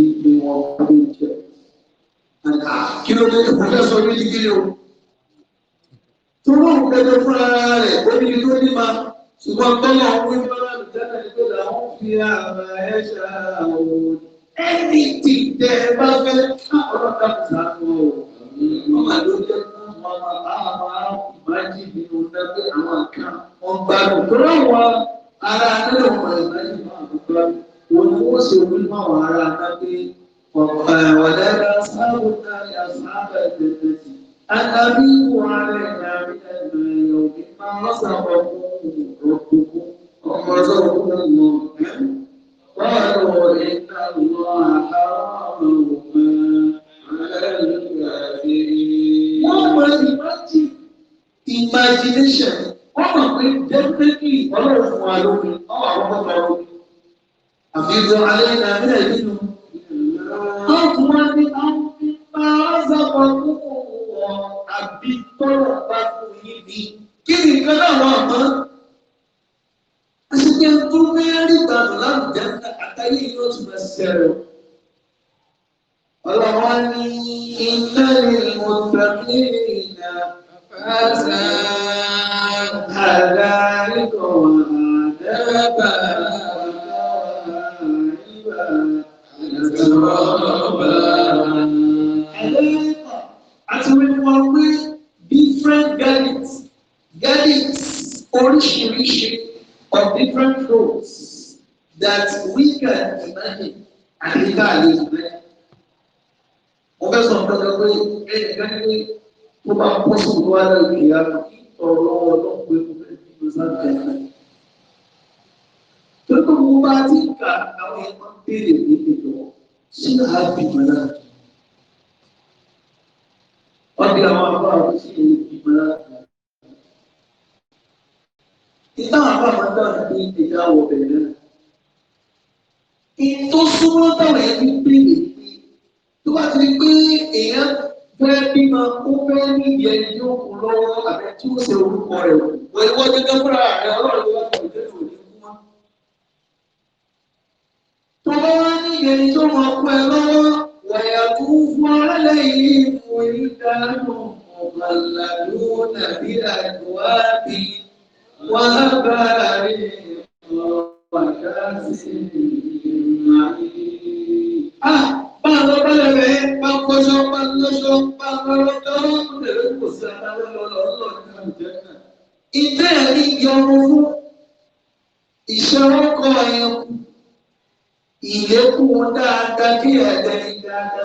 ìdí wọn kọ́bí jẹ. kí ló dé pòfẹ́sọ̀ ní ìgbé o tó wọ́n kẹ́jọ fúnra rẹ̀ ó ní ló ní ma ṣùgbọ́n tọ́lọ̀ ń wí fúnra الجنة لهم فيها ما يشاءون anything tẹ bá fẹ́ ọ̀rọ̀ kan sàmọ ọmọ àdójọ náà wọn àwọn àmàjì nínú dábẹ àwọn kan wọn bá lò tọrọ wọn ara nínú wọn ìmájì náà àdúgbò wọn ni wọn sì wí mọ àwọn ará máa ń sàbọ̀ fún òkú ọmọ ọlọ́run náà lọ báwọn ìta lọ àtàwọn wọ́n mọ ìmájì imagination wọ́n mọ̀ pé definitely ọlọ́run fún wa lómi ọ̀hún àwọn ọmọ ọmọ àfihàn alẹ́ náà nílẹ̀ nínú.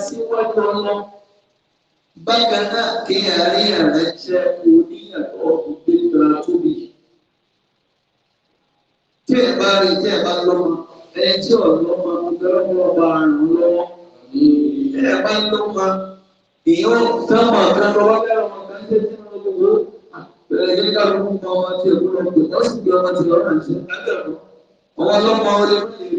síwájú ọlọ bákan náà kéèyàn rí ààrẹ jẹ oníyàtọ̀ ìgbéga tóbi tí ẹ bá rí tí ẹ bá lọ́mọ ẹni tí ọlọmọ ọgbẹrún ọba àrùn lọ́wọ́ ẹ bá lọ́mọ èèyàn dámọ kan lọ́wọ́ bẹ́ẹ̀ ọmọ kan tẹ sí ọmọ gbogbo bẹ́ẹ̀ ní kálukú kan ọmọ tí èkó lọ pé wọn sì gbé ọmọ tí lọ́rọ̀ àti àgbẹrún ọmọ ọlọmọ ọlẹ fún ìlú.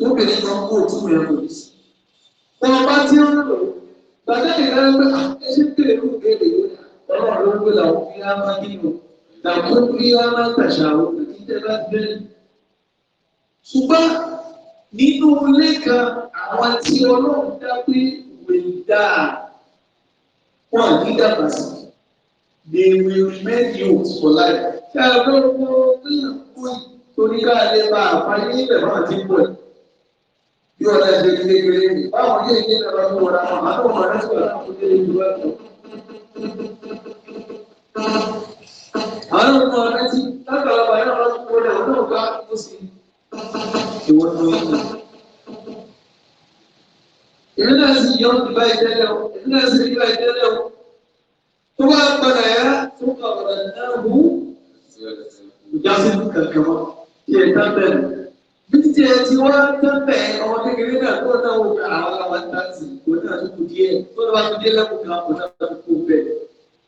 lóbìnrin kan kó òtún rẹ̀ lò sí. Wọ́n bá tí ó lò gbàdé ìrẹ́ ah, pé ẹṣin bèrè ló bèrè yóò ọ̀rọ̀ ló gbé làwọn fi á máa nínú làwọn fi á máa tàṣà àwọn òkìtẹ́ bá bẹ́ẹ̀. Ṣùgbọ́n nínú ilé kan àwọn tí ọlọ́run dá ìwé dáa wọ́n ní dàgbà sí They will make you for life. Ṣé àlọ́ gbọ́ pé ìyàn kú torí ká lè bá àfáyé ilẹ̀ máa ti yìí? yóò náà ṣe ilé ìgbélé mi báwọn ilé ìgbé náà lọ sí wọn lápá máa tó wọn lọ́sọ̀ láti ṣe ìlú bá tó. àwọn ọmọ ọ̀rẹ́ ti lágbàlagbà yóò lọ sí wọn náà wọn náà bá kó sí ìwọ tó yẹ kí. èmi náà sì yọ ìbá ìtẹ́lẹ̀ o èmi náà sì ìbá ìtẹ́lẹ̀ o tó bá padà yá tó kà ọ̀rọ̀ náà wú ìjásí kankan mọ́ kí ẹ̀ tá bẹ́ẹ̀. títí ẹ ti wá tẹ́lẹ̀ ọmọ kékeré náà tó náà wò pé àwọn àwọn àtàtì kò náà tó kù díẹ̀ tó náà wá tó dé lẹ́kùn kan kò náà tó kù bẹ́ẹ̀.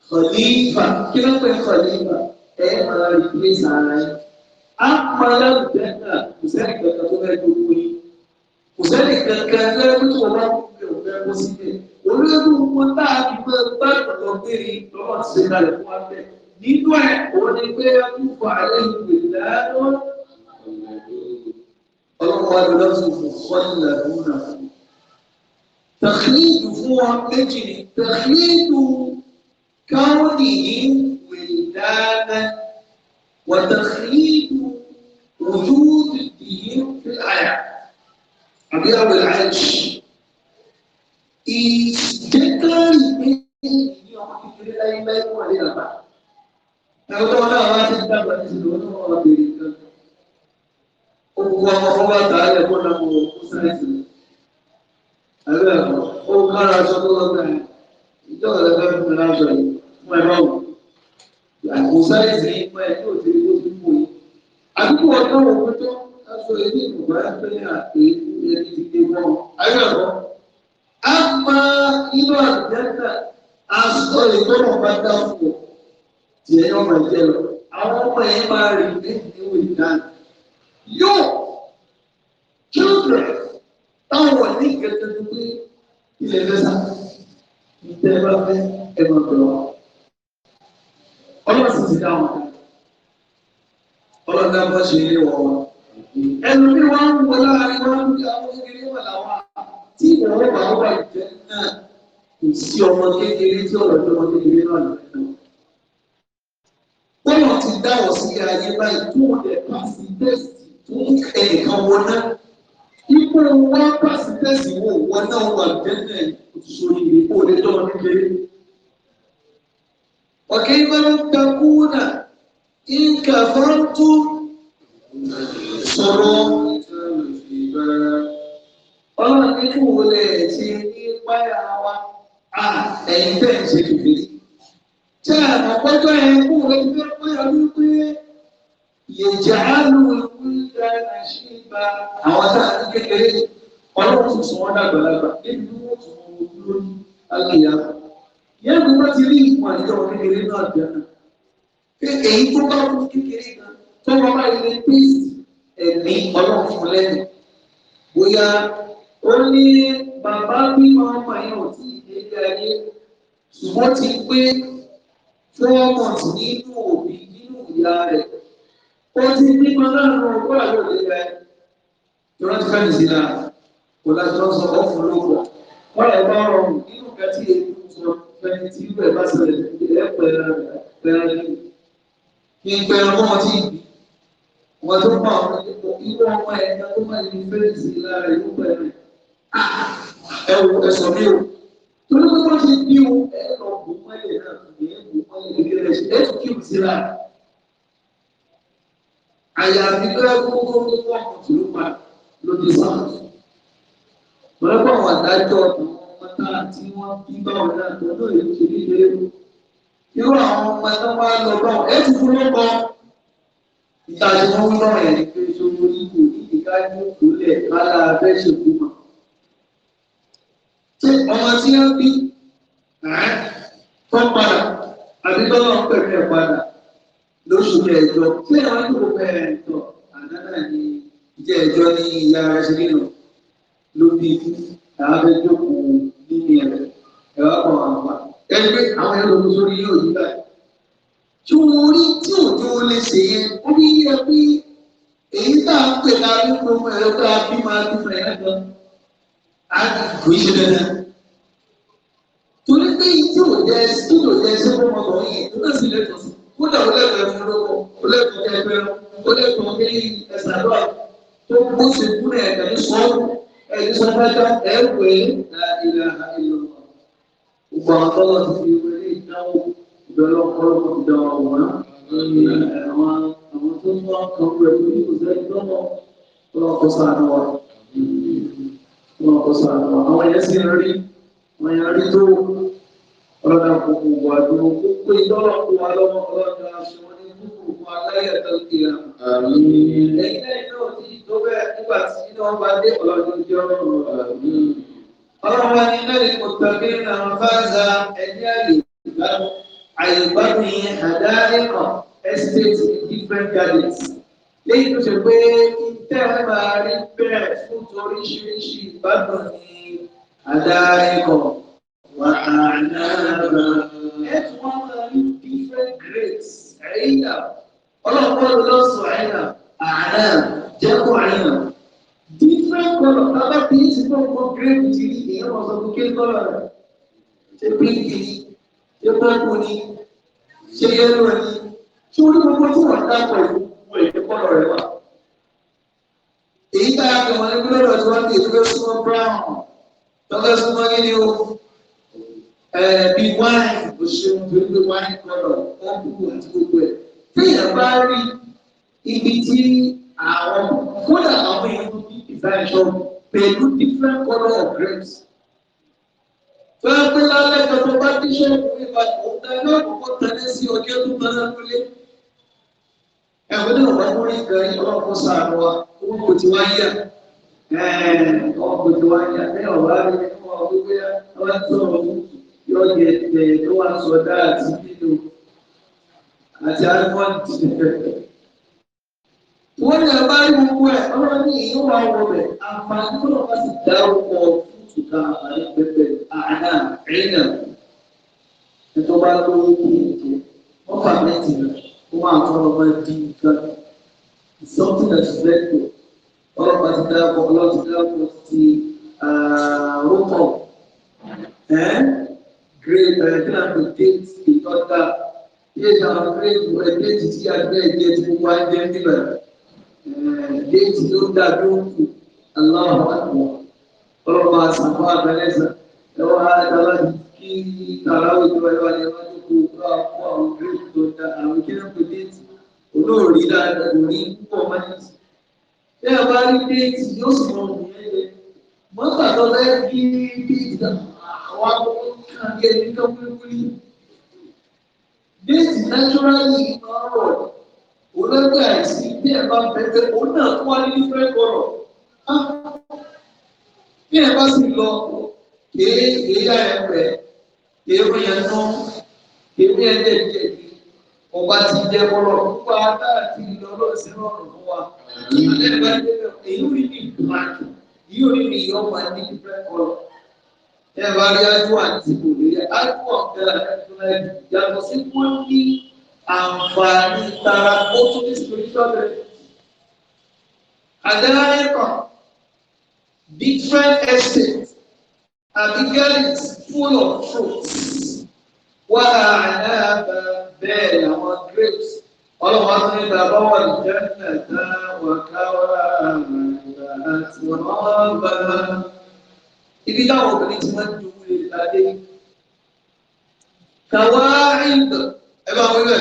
Khalifa kí ló pè Khalifa ẹ máa rí pé sàrà ẹ. A máa lálùbẹ́ náà kò sẹ́ni kankan tó fẹ́ gbogbo yìí. Kò sẹ́ni kankan tó fẹ́ tó wá kúkẹ́ òun fẹ́ kó síbẹ̀. Olóògùn wọn tá a fi máa bá ìtọ̀ gbére lọ́wọ́ àti ṣe kalẹ̀ fún wa bẹ́ẹ̀. Nínú ẹ̀ òun ni pé قال لفظه خلدون تخليد هو اجل تخليد كونهم ولدانا وتخليد وجود الدين في العالم عم يعمل عيش استقرار الدين يوم كتير الأئمة وعلينا البعض. أنا قلت له أنا ما تنتبه owó ọmọ fún bàtà alẹ́ kó lọ́mọ òkú sáyẹ̀sì lọ. Àbẹ́ ẹ̀kọ́, ó kára aṣọ tó lọ́gbà yẹn. Ìjọ ọ̀rẹ́ fẹ́ fún mi láṣọ yìí, fún ẹ bá wù. Àgbo sáyẹ̀sì yìí fún ẹ tí ò ti rí lójú mú yìí. Àdúgbò ọjọ́ wo pé tó aṣọ ilé ìgbà pé àpè ẹni ti dé wọ́n. Àbẹ́ ẹ̀kọ́, á pa inú àdìjẹ́ta aṣọ ìgbọ́nà Àwọn ọmọ yẹn máa rìn ní ìdíwò ìdáná your children táwọn ní ìkẹtẹ tó pé ilẹ̀ mẹ́ta ìtẹ́ ẹ bá fẹ́ ẹ máa bẹ̀ wá. ọlọ́run sì ti dá wọn ọlọ́run dábọ̀ ṣe ilé wọ̀ wọn. ẹnu bí wọ́n ń wọ láàrin wọn ń bí àwọn kékeré wà láwọn tí ìwọ̀n bá wà ìfẹ́ náà kò sí ọmọ kékeré tí ọ̀rọ̀ tó wọn kékeré náà lọ bọ́lá ti dáwọ̀ sí ayé báyìí tó wọ́n lè pa sí bẹ́ẹ̀sì ẹnìkan wọná ipò wá pàṣípẹ̀sì wò wọná wà tẹ́lẹ̀ òṣìṣẹ́ o lè tọ́ nílé. وكيف تكون إن كفرت sọ̀rọ̀ ọlọ́run ní kò wọlé ẹ̀ ti ní páyà wa à ẹ̀yin bẹ́ẹ̀ ṣe tòbí. ṣé àpapọ̀jọ́ ẹ̀ kò wọlé ti fẹ́ páyà ló pé yèjà á lù ú àwọn tá a ní kékeré ọlọ́run tún sọ wọ́n dàgbàlagbà nínú òtún òun lórí aláìyá yẹn kó bá ti rí ìpò àdéhùn kékeré náà bí ọ̀nà pé èyí tó bá wù kékeré náà tó bá bá ilé pèsè ẹ̀mí ọlọ́run fún lẹ́nu bóyá ó ní bàbá bí ọmọ yẹn ò tí ì dé ayé ṣùgbọ́n ti pé fọ́ọ̀mọ̀tì nínú òbí nínú ìyá rẹ̀ ó ti ní mọ́nàrún ọgbọ́n àjọ ìlera ẹ̀ tọ́lá ti fẹ́ẹ̀ sí náà kò láti lọ sọ ọ́fù lóko wọ́n lè bá rọrùn nínú ìgbà tí èyí sọ fẹ́ni tí ìwé bá ṣẹlẹ̀ níbi ẹ̀pẹ̀ ẹ̀rẹ̀ ní ìpẹ́ ọmọ tí wọ́n tó pa ọmọ ìwọ ọmọ ẹ̀ ká tó má ní fẹ́ẹ̀sì lára ìlú pẹ̀lú ẹ̀ wò ẹ̀sọ̀ mi o torí pé wọ́n ti bí o ẹ̀ lọ bù mọ́lẹ̀ náà ẹ̀ bù mọ́lẹ̀ ìgbẹ́rẹ̀ ẹ̀ tó kí o sí lára àyàfi tó yẹ kó kó ní wọn kò tìlú pa lóde sáàtì pẹ̀lú àwọn àdájọ́ àwọn ọmọ náà tí wọn bí báwọn náà tó lóye kiri léwu irú àwọn ọmọ ẹni wọn á lọ báwọn ẹ ti fún lọkọ ìta tí wọn ń lọrọ ẹni pé ṣòro ìlú ìdíkà ní òkúlẹ bálá abẹ ṣèkú mọ. ṣé ọmọ tí wọn bí tọ́ padà àbí tọ́lọ́ pẹ̀lú ẹ̀ padà lóṣù kẹjọ pé àwọn tó kọ ẹ tọ àdáná ni ìjẹ ẹjọ ní ìyá ṣẹlẹ̀ náà ló bí àwọn fẹẹ jókòó nínú ẹ̀rọ ẹwà kan àwọn wa ẹni pé àwọn ẹ̀rọ tó sórí yóò yí báyìí tí wọn rí tí òjò lè ṣe yẹn ó ní yẹ pé èyí tá à ń pè ká ló kó ọmọ ẹ̀rọ tá bí máa bí máa yẹn lọ á kò í ṣe dandan torí pé tí òjò ẹ sí òjò ẹ sí ọmọkùnrin yẹn tó náà sì lẹ́tọ̀ọ́ sí kódà ó lẹ́kọ̀ọ́ ẹ̀fọn lóko ó lẹ́kọ̀ọ́ kẹfẹ́ ó lẹ́kọ̀ọ́ kí ẹ̀sà lọ́ọ̀ tó kó sì kú ní ẹ̀ka ní sọ́ọ̀rù ẹ̀yìn sọ́dájá ẹ̀wẹ̀ ìlà ìlọ. Gbogbo àwọn tọ́lọ̀ ti fi wọlé ìdáwó ìdọ́lọ́ ọ̀pọ̀lọpọ̀ ìdáwó àwòrán. Àwọn tó ń wá kan pẹ̀lú bí kò sẹ́ni lọ́wọ́ ọlọ́kọ̀ sànù wa. Ọlọ́kọ̀ sànù wa. Àwọn yẹn sì ń rí. Àwọn yẹn rí tó ọlọ́dà gbogbo wa dúró gbogbo ìdọ́rọ̀ fún wa lọ́wọ́ ọlọ́dà aṣọ ní gbogbo fún aláyẹ̀ tó ti rà. ẹ̀yin náà yóò ní ìtọ́bẹ̀ nígbà tí iná bá dé ọlọ́dún jẹ́ ọ̀rọ̀ ọlọ́wọ́ ni lẹ́yìn kò tẹ̀lé estate different gardens lẹ́yìn tó ṣe pé tẹ́ ẹ máa rí bẹ́ẹ̀ fún toríṣiríṣi ìbádùn ní àdáyé kan. وأعنابا one of different grades. عنب Allah called also عنب أعناب جاكو عنب Different color. Bàbá tí yìí ti fọ́ fọ́ gírèpù ti rí èèyàn wọn sọ fún kí kọ́lọ̀ rẹ̀. Ṣé pínkì ni? Ṣé pọ́ńpù ni? Ṣé yẹ́lò ni? Ṣé orí gbogbo tí wọ́n dá pẹ̀lú wọ́n lè kọ́lọ̀ rẹ̀ wá? Èyí tá a kàn wọ́n ní gbọ́dọ̀ tí wọ́n ti ìdúró súnmọ́ brown. Lọ́gbẹ́ súnmọ́ kí ni o? bí wáìnì kò ṣeun torí pé wáìnì kọlọ̀ tábìlù àti gbogbo ẹ̀ téèyàn bá rí ibi tí àwọn kódà àwọn èèyàn ní ìbáṣọ pẹ̀lú different color of grapes. Fẹ́ẹ́pẹ́ lálẹ́ kan tó bá dé ṣọ́ọ̀bù ìbàdàn ọ̀tá náà kọ́kọ́ tẹ́lẹ̀ sí ọjọ́ tó bá lálẹ́. Ẹ̀wọ́n náà wá lórí ìgbàlẹ̀ ọlọ́pọ̀ sàrọ̀ wa, owó kò ti wá yíyà. Ọkọ̀ kò ti wá yíyà, bẹ́ẹ̀ ọ̀rọ̀ á rí ẹ̀kọ́ ọ̀gbẹ́gbẹ́ ọ̀rọ̀ tó ọ̀rọ̀ yóò jẹ tẹ tó wà sọdá àti nínú àti àlùmọ́ọ̀tì wọ́n ní ẹ̀bá rí gbogbo ẹ̀ ọ̀rọ̀ ní ìyó wa wọ rẹ̀ àǹfààní tó lọ́wọ́ sì dá ọkọ̀ tútù ká àǹfààní pẹpẹ àná ẹ̀yìnà ẹ̀tọ́ bá lówó kú ètò wọ́n fà mẹ́tì rẹ̀ wọ́n máa fọ́ ọmọ ẹbí nǹkan something that is very good ọ̀rọ̀ bá ti dá ọkọ̀ ọlọ́ọ̀tì dá ọkọ̀ ti rúkọ̀ ẹ̀ grave ẹ̀ẹ́dínlá tó déètì ìtọ́ta déètì àwọn grave ẹ̀ déètì tí a gbé ẹ̀jẹ̀ tí mo wá jẹ́ níbẹ̀ déètì ló ń dà tó ń kù aláwọ̀ àgbọ̀ ọlọ́pàá àsàmọ́ àbẹ̀lẹ́sà ẹ̀wọ̀n àdàlà kí tàràwọ̀ ìjọba ìwà ni wọ́n tó kó bá kó àwọn grave tó da àwọn kí ló ń pè déètì olóòrí dáadáa kò ní púpọ̀ máa ń a bá rí déètì yóò sùn ọ̀hún yẹn lẹ mọ́tà tó can get income quickly. This naturally ọ̀rọ̀ olóògbé àìsí bí ẹ bá bẹ̀rẹ̀ òun náà fún wa ní fẹ́ gbọ́rọ̀. Ah. Bí ẹ bá sì lọ, kèé kèé yá ẹ pẹ̀, kèé rún yẹn tán, kèé rún yẹn dẹ̀ díẹ̀ ní. Ọba ti jẹ bọ́rọ̀ púpọ̀ àtàtì lọ́rọ̀ sí rọrùn fún wa. Ìyóò lè bá débẹ̀, èyí ò ní ìgbìmọ̀ àjò, èyí ò ní ní ìyọ́ ní fẹ́ gbọ́rọ̀ ẹ bá rí ájú àti ìbòlè ájú ọ̀kẹ́ ẹ̀ẹ́dẹ́gbẹ̀rẹ́ yàtọ̀ sí wọ́n ní àǹfààní tara ó tún ní spiritual benefit. Adẹ́rẹ́kọ̀ different estate àbí galley full of fruits wà àdáàbà bẹ́ẹ̀ làwọn grapes ọlọ́wọ́n tún ní bàbá wà ní jẹ́ńtà náà wà káwá àmàlà àti wọ́n bá náà ibi táwọn obìnrin ti máa ń ju owó ilé ládé kàwáìdà ẹ bá wọlé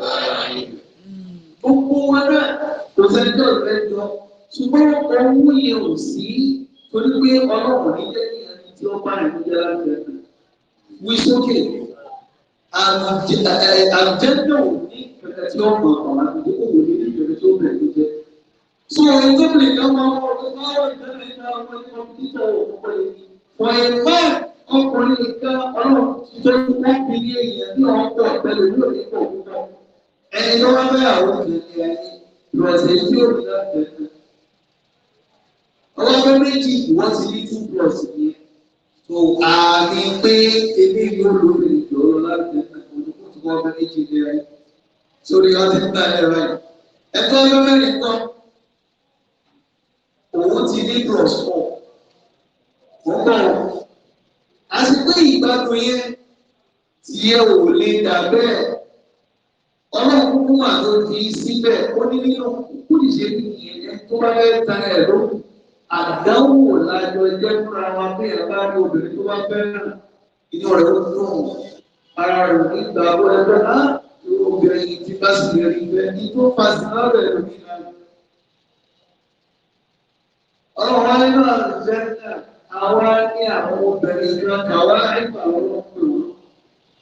bẹ gbogbo wọn náà kò sẹ́ni tó lè jọ ṣùgbọ́n owó yẹn ò sí torí pé ọlọ́run ní jẹ́ kí ẹni tí ó bá rìn ní jẹ́ láti ẹ̀ wí sókè àjẹ́dẹ̀ ò ní ìpẹ̀lẹ̀ tí ó mọ̀ ọ̀rọ̀ àti ìdókòwò ní ìpẹ̀lẹ̀ tó bẹ̀rẹ̀ jẹ́. sọ èyí tó bẹ̀rẹ̀ kan máa ń wọ́n tó bá wọ́n ìdáná nìkan ọkùnrin kọ̀m̀pútà ọkùnrin. Wọ́n yẹ fẹ́ ọkùnrin nìkan ọlọ́run tó ń kọ́pì ní èèyàn ní ọkọ̀ ìpẹ́lú ní òní kọ̀m̀pútà. Ẹni tó wá fẹ́ àwọn obìnrin ayé ìrọ̀sẹ̀ tí ó bìnrin àgbẹ̀ ọlọ́jọ́ méjì wọ́n ti ní two plus yẹn tó àmì pé ebi yóò lò lè jọ̀rọ̀ láti olùkọ́ tí wọ́n fẹ́ méjì lé ẹ sórí ọtí ń ta ẹ̀rọ ẹ̀ ẹ̀tọ́ ọjọ́ mẹ́rin kan òun ti ní plus four òun bọ̀ àti pé ìgbádùn yẹn tí ẹ ò lè dà bẹ́ẹ̀ ọlọ́run kúkú mà tó fi síbẹ̀ ó ní nínú kúkú ìṣe nìyẹn tó bá fẹ́ ta ẹ̀ ló àdánwò lájọ jẹ́ fúnra wa pé ẹ bá ní obìnrin tó bá fẹ́ rà inú rẹ̀ ó dùn ara rẹ̀ nígbà ó ẹgbẹ́ á obìnrin ti bá sì rí bẹ́ẹ̀ ní tó fa sí lọ́rọ̀ ẹ̀ lómi ọlọ́run wáyé náà jẹ́ àwa ní àwọn obìnrin kan kàwá nípa àwọn ọkùnrin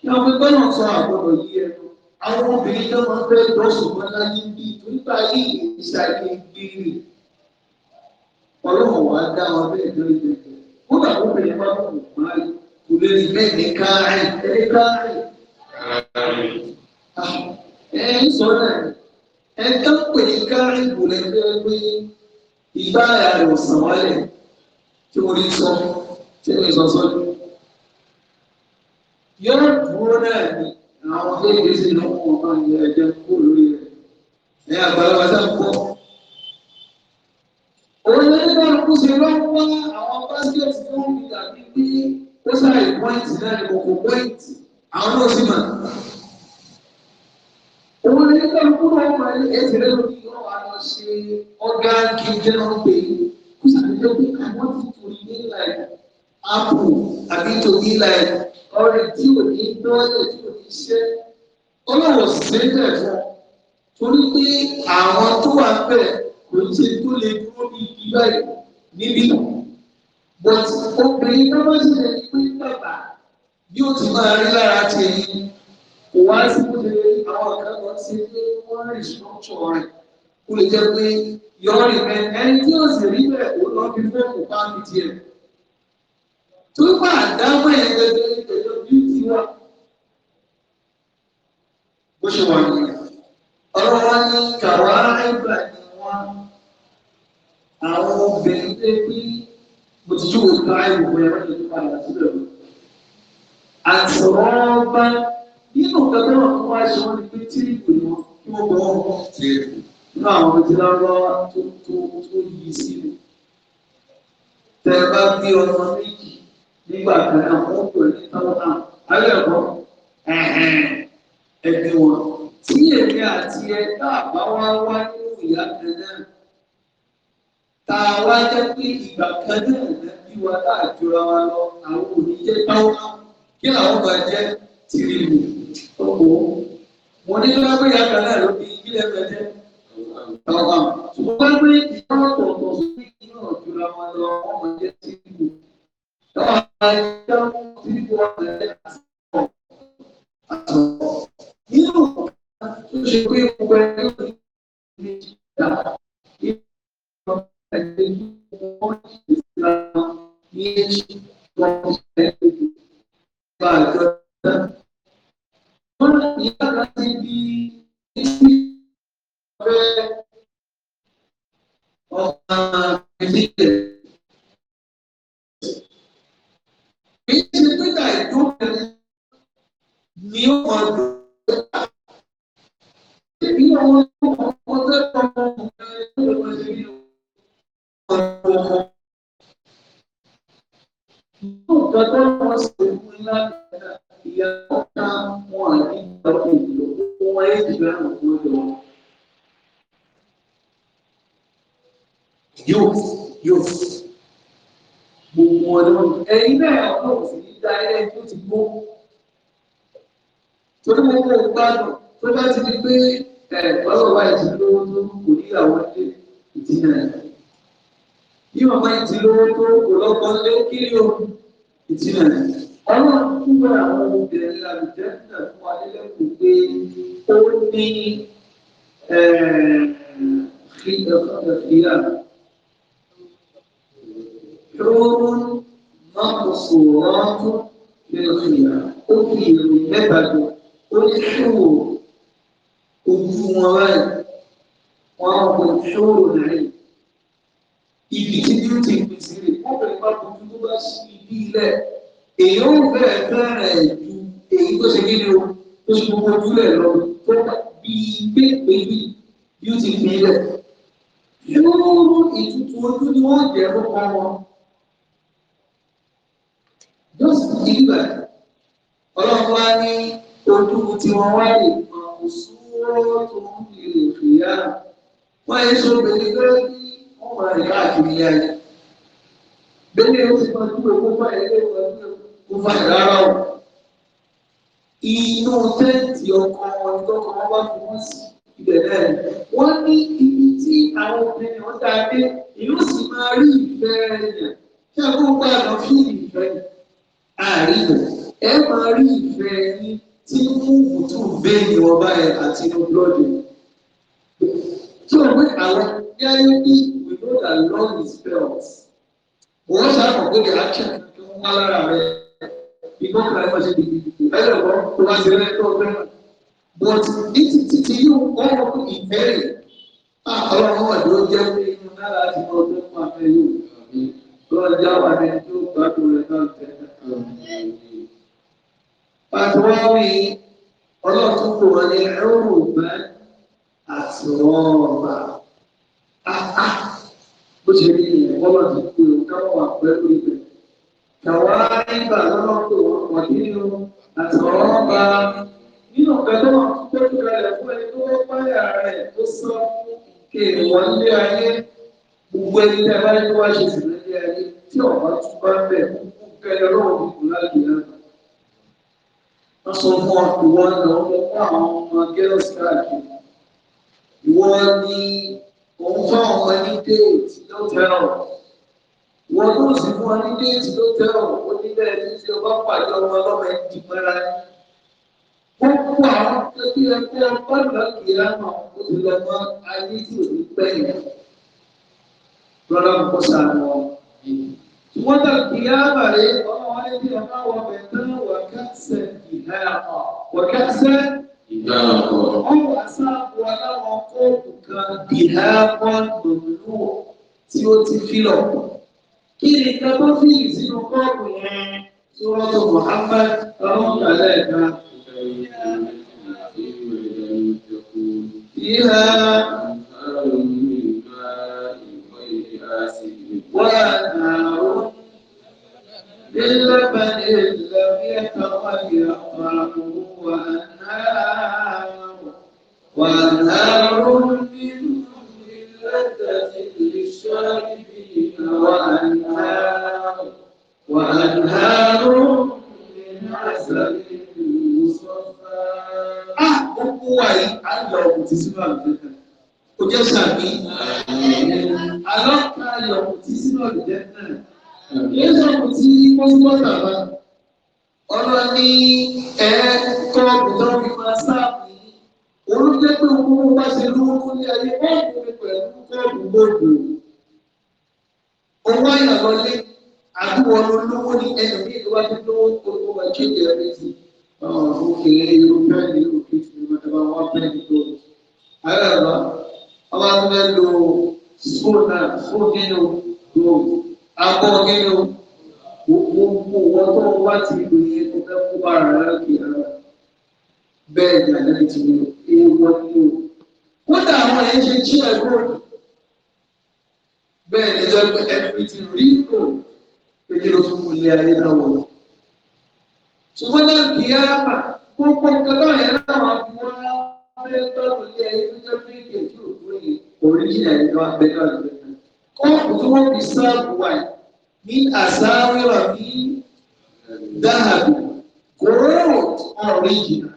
náà wí pé náà sọ àgbọ̀dọ̀ yí ẹnu àwọn obìnrin náà máa ń fẹ́ lọ́sùn wọn láyé bí nípa yìí ìṣàyè gbìrì ọlọ́run wàá dá wọn bẹ́ẹ̀ lórí bẹ́ẹ̀ wọ́n bá wọ́n bẹ̀rẹ̀ bá wọ́n kò máa yìí kò lè rí bẹ́ẹ̀ ní káàrin ẹni ah, ń sọ náà ẹ dá pè ní káàrin kò lè fẹ́ ìgbà àyàrá òsàn wálẹ̀ tí mo rí sọ tí mo sọ sọ ní. yóò dúró náà ní àwọn kéèké sí ní ọmọ ọmọ ìyá ẹ̀jẹ̀ kó lórí rẹ̀ ẹ̀yà àgbàlagbà sáà kọ́. òun ní nígbà tó ṣe lọ́wọ́ àwọn báskẹ́tì tó ń gbà bíbí ó sáré pọ́ìntì náà ní kòkó pọ́ìntì àwọn náà sì máa òun lè ní kálukú náà wọ́n máa ní ẹsẹ̀ rẹ̀ lórí yóò wá lọ ṣe ọ̀gáǹkì jẹ́ lọ́n pé kó sàbẹ̀dẹ̀ pé àwọn ti tò ní láì apple àbí tò ní láì ọ̀rẹ́ tí ò ní dọ́ọ̀lẹ̀ tí ò ní ṣẹ́ ọlọ́wọ̀ sílẹ̀ fún torí pé àwọn tó wà bẹ̀ kò ń ṣe tó lè dúró ní ìgbà níbí but obìnrin náà wọ́n sì ní pé bàbá yóò ti máa rí lára tẹ̀yìn kò wá sí kó lè àwọn kan lọ sí pé wọ́n rí ìṣúná rẹ̀ kó lè jẹ́ pé yọrí rẹ̀ ẹni tí ó sì rí bẹ́ẹ̀ ó lọ fi fẹ́ kó bá mi tiẹ̀. tó bá dáwọ́ ẹ̀ gẹ́gẹ́ pẹ̀lú bí ti wà. bó ṣe wà ní ọ̀rọ̀ wọn ní kàwá ẹgbà ni wọn àwọn obìnrin pé bí mo ti tún wò ká ìwòye ẹ̀rọ ìdíkọ̀ àyàtúbẹ̀rù àtọ̀rọ̀ bá nínú nǹkan tó wà fún wa ṣe wọn ni pé tí ìpè wọn kí wọn bọ ọmọ tẹ nínú àwọn tí lárúbáwá tó tó tó yí sílẹ̀ tẹ bá gbé ọmọ méjì nígbà kan náà wọn pè ní táwọn náà ayé ẹ̀kọ́ ẹgbẹ́ wọn tí èmi àti ẹ tá a bá wá wá nínú ìyá kan náà tá a wá jẹ́ pé ìgbà kan náà náà bí wa tá a jọra àwọn òní jẹ́ táwọn kí làwọn máa jẹ́ tìrìmù ó wò ó mo ní lọ́wọ́ ìyá kan náà ló fi ìbílẹ̀ pẹ̀lẹ́ ọ̀hún ṣùgbọ́n pé ìyá ọ̀tọ̀ọ̀tọ̀ sí iná ìjọra wọn lọ ọmọ jẹ́ sí ibù lọ́wọ́ ẹ̀jẹ̀ sí ibù ọ̀rẹ́ àtọ̀ nínú ọ̀gá tó ṣe pé gbogbo ẹni tó ti ń ṣẹlẹ̀ nípa ìjọba náà wọ́n ní ìyá láti bí ìsí ọ̀rẹ́ ọ̀gá ìdílé. Kì í ṣe pẹ́tà ìdókòwò ni ó kàn ló pẹ́tà. Bí àwọn Então, com esse grande cuidado, youth, youth, gbogbo ọdún ẹyin náà ọlọ́run sì ní dá ilé tó ti gbó torí mo kọ́ gbádùn tó bá ti di pé ẹ̀ ọlọ́wà ìdí lówó tó kò ní ìyàwó ilé ìdí náà bí màmá ìdí lówó tó kò lọ́kọ́ lé kí ni o ìdí náà ọlọ́run túbọ̀ àwọn obìnrin àlùjẹ́ náà fún wa nílẹ̀kùn pé ó ní fìyà lóòrùn mọ́kòsò rántó nínú fìyà ó fi èrò mẹ́ta jọ ó ní ṣòwò ojú wọn báyìí wọn á wọ ṣòwò náà ibi tí bí ó ti pèsè rè wọ́n bẹ̀rẹ̀ bá bójú tó bá sí ibi ilẹ̀ èyí ó bẹ̀rẹ̀ bẹ̀rẹ̀ ju èyí tó ṣe kí ni o tó ṣe gbogbo ojú ẹ̀ lọ tó bí gbé pépé bí ó ti fi ilẹ̀ yóò ìtutù ojú ni wọ́n jẹ́ ló pa wọn. Jọ́sì ti gbà ọlọ́run wá ní ojú tí wọ́n wá lè kan òṣùwọ́ tó ń fi lè fi yá. Wọ́n yẹ sọ pèlè pé kí wọ́n máa rìn káàkiri yá yìí. Bẹ́ẹ̀ni ó kó fà rárá o inú tẹ́ǹtì ọkọ̀ wọn tọkọ wọn bá fi wọ́n sí ibẹ̀ náà wọ́n ní ibi tí àwọn obìnrin wọn dáa dé ìlú sì máa rí ìfẹ́ yẹn kí ẹ kó gbà lọ fún ìfẹ́ àárín ẹ máa rí ìfẹ́ yín tí fún kùtù bẹ́ẹ̀ni ọba ẹ̀ àti inú blọ́ọ̀dù. Tí o gbé àwọn yẹ́rẹ́ ní we know that love Wọ́n ṣàkóso the tó ń wá lára rẹ̀ ìgbọ́kànlá ẹ̀kọ́ ṣe kìkìkì ẹ̀rọ wọn tó bá ṣe rẹ̀ tó fẹ́ràn but títí títí yóò wọ́n wọ́n fún ìfẹ́rẹ̀ àwọn ọmọ ọ̀dọ́ jẹ́ pé inú náírà ti lọ tó fún abẹ́ yóò lọ́wọ́ já wà ní tó gbádùn rẹ̀ náà fẹ́ pàtàkì ọlọ́tún kò wọ́n ní ẹ̀rọ ògbà àti ọ̀ọ́ba bó ṣe rí ìyẹn wọ́n máa ti kú ìwọ́n káwọn wà pẹ́lú شوارب ضربت ودين أسرابا nínú kẹtọ tó fi kalẹ̀ fún ẹni tó wọ́n báyà rẹ̀ tó sọ kí wọ́n lé ayé gbogbo ẹni tẹ́ bá yẹ wá ṣe sílẹ̀ lé ayé tí ọ̀pá tún bá bẹ̀ kúkú kẹlẹ́ lọ́wọ́ kúkú láti náà. ìwọ́n ní ọmọ fún ọmọ ní déètì lọ́fẹ̀ẹ́ ọ̀rọ̀ wọn ló sì fún ọ ní déètì ló tẹ ọ ó ní bẹ́ẹ̀ ní tí ọba pàdé ọmọ ọlọ́mọ ẹ ti mọ́ra ẹ gbogbo àwọn ẹbí ẹgbẹ́ ọgbà lọkì lánà ó ti lọ mọ ayé tí ò ní pẹ́ yẹn lọlá ń kó sànù ọ wọn lọ kì í ọmọ wọn ẹbí ọmọ wọn bẹ tán wà kẹsẹ ìhà ọ wà kẹsẹ ìhà ọ ọwọ àṣà wọn láwọn kí ni nǹkan tó fi yìí sínú kọ́ọ̀pù yẹn tí wọ́n tó Muhammad ọlọ́run kàlẹ́ ẹ̀ka. Ìhà wà nàárọ̀ lílọ́bàdì ìlọ́bí ẹ̀ka wáyé ọ̀pọ̀ àbúrò wà nàárọ̀ wà nàárọ̀ nínú ìlẹ́tẹ̀ẹ́ ìlú sọ́ọ́lì bíi àwọn a ah, gbogbo wa yìí a yọ òkùtì sínú àlùjẹ́ta kò jẹ́ sàmì alọ́ ká yọ òkùtì sínú àlùjẹ́ta yóò sọ òkùtì pọ́sípọ́sì àbá ọ̀rọ̀ ní ẹ̀ẹ́kọ́ ọ̀gbìnà fi máa sáàpì òun jẹ́ bá ṣe lówó ní ayé bọ́ọ̀lù pẹ̀lú bọ́ọ̀lù gbòòdò owó àyàwọlé àbúwọ̀ olówó ni ẹnu bí ìlú wá ti lówó owó wa ṣe jẹ́ ẹni sí òkè irú bẹ́ẹ̀ ni òkè ti ní ọjọ́ wa bẹ́ẹ̀ ni tó. Ààrẹ ọ̀rọ̀ ọba tó fẹ́ lo school náà school nínú lo abọ́ nínú gbogbo wọn tó wá ti lò yẹn tó fẹ́ kó bára rẹ̀ kì í rẹ̀. Bẹ́ẹ̀ ni àlẹ́ ti ní ewu wọn ní o. Kódà àwọn èyí ṣe jí ẹ̀rọ bẹ́ẹ̀ ni ìjọba ẹ̀mí ti rí ìkòrò pé kí ló tún kú ilé ayé náà wò. ṣùgbọ́n náà kì í ámà gbogbo nǹkan náà yẹn náà wà fún wọn láwọn ẹgbẹ́ tọ́lù ilé ayé tó jẹ́ pé kì í tù kú ní oríṣìí ẹ̀yìn náà abẹ́ náà lè fẹ́. kọ́ọ̀pù tí wọ́n fi sáàbù wà ní àsáwìrà ní dáhàbù kòrónà ọ̀ríjìnà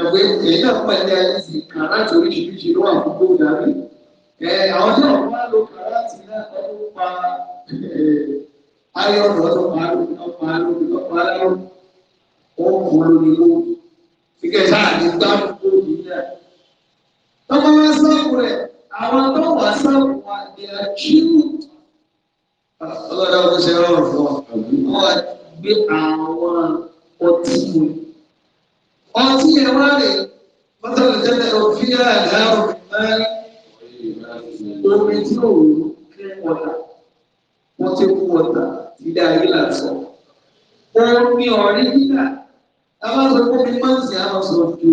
ẹ̀wẹ̀ èyí náà pọ̀ ẹ̀dá ẹ̀yìn sí kàràtì oríṣiríṣi ló wà fún gbòdàrí. àwọn tí wọ́n bá lo kàràtì ayọ̀nù ọlọ́pàá ọlọ́pàá ọlọ́pàá ọlọ́pàá ọkùn lóníwó kíkẹ́ sáà ní gbàgbó nílẹ̀. tọ́mọ wá sọ́ọ̀kù rẹ̀ àwọn tó wà sọ́ọ̀kù wà ní àjíwù. ọlọ́dà ọdún ṣe rọrùn fún ọ wọ́n wá gbé àwọn ọtí mu. ọtí yẹn wá rè mọ́tàlá tẹ́lẹ̀ òfin àdáhùn náà omi tí òun kẹ́ ọ̀dà wọ́n ti kú ọ̀tà ilé ayé là ń sọ. Omi ọ̀rí nígbà àwọn sọ pé mi máa ń sìn àwọn sọ ju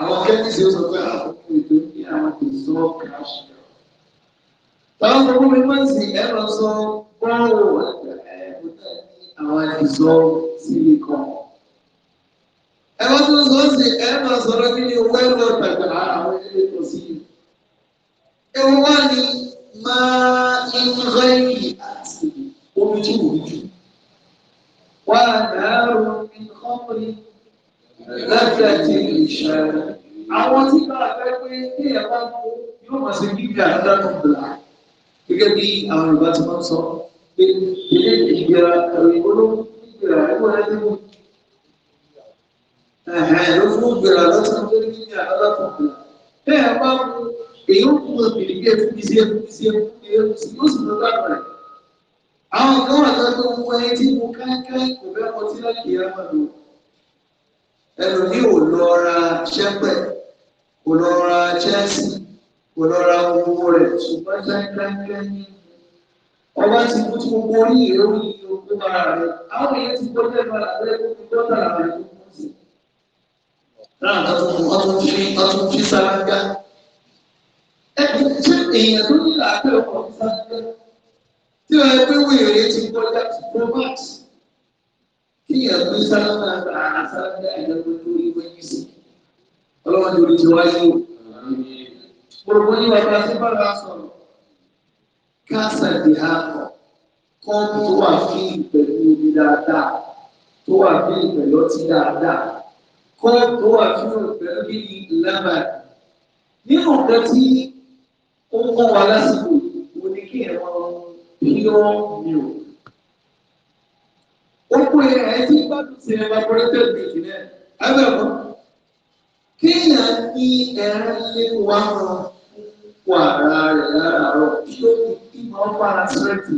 àwọn kẹ́míìsì ó sọ pé àwọn kò tó ní àwọn kò sọ káàṣì. Àwọn sọ pé mi máa ń sìn ẹ̀rọ sọ bọ́ọ̀lù àwọn ìsọ sílíkọ̀n. Ẹ̀rọ tó ń sọ sí ẹ̀rọ sọ̀rọ̀ kí ni owó ẹ̀rọ tàgbà àwọn ilé ìtọ́sí. Ewu wá ní máa ń rẹ́yìn àti omi tí wò jù. Wà á dàárò ní kọ́mọ̀lì lágbàtí ìṣàrò. Àwọn tí bá fẹ́ pé ní ẹ̀bá kó yóò máa ṣe bíbí àdánù bìlà. Gẹ́gẹ́ bí àwọn Yorùbá ti máa sọ pé ilé ìgbéra ẹ̀rọ olóhùn ìgbéra ẹ̀rọ ẹ̀rọ ẹ̀rọ. Ẹ̀hẹ̀n ló fún ìgbéra láti mú lórí Bẹ́ẹ̀ bá mú Em ah, um mundo ele dizia, dizia, dizia, os mandamentos. Àwọn kan wà lọ́dọ̀ ohun ẹni tí mo kẹ́kẹ́ kò fẹ́ mọ sí láti yá máa lò. Ẹnu ní ò lọ ra ṣẹ́pẹ̀, kò lọ ra Chelsea, kò lọ ra owó rẹ̀ ṣùgbọ́n ṣẹ́kẹ́kẹ́ ní. Ọba ti kú tí gbogbo orí ìrẹ́wò yìí ogún ara rẹ̀. Àwọn èèyàn ti gbọ́ jẹ́ ìbára rẹ̀ kó fi dọ́tà rẹ̀ kó kú sí. Láàrín àtúntò, wọ́n tún fi sálángá ẹgbẹ́ ṣé èèyàn tó nílò àgbẹ̀ ọkọ̀ ìsàlẹ̀ tí wọ́n yẹ pé wèrè ti kọjá ti kó max kí èèyàn tó sáré náà gba àṣàlẹ̀ àyẹ̀wò lórí wẹ́yìn sí ọlọ́wọ́n ti oríṣi wáyé o. Gbogbo ní bàbá sí bàbá sọ̀rọ̀ káàsà di àkọ́ kọ́ọ̀mù tó wà fún ìpẹ̀lú omi dáadáa tó wà fún ìpẹ̀lú ọtí dáadáa kọ́ọ̀mù tó wà fún ìpẹ̀lú bíi lẹ́mà nínú nǹkan tí ó mọ́ wa lásìkò mo ní kí ẹ̀rọ yíyọ́ mi ò. ó pè é ẹ̀ tí gbádùn sí evaporated milk náà ẹgbẹ̀rún kéèyàn ní ẹran ilé wa rọ fún ara rẹ̀ láràárọ̀ kí ó ní kí máa ń fara sírẹ́tì.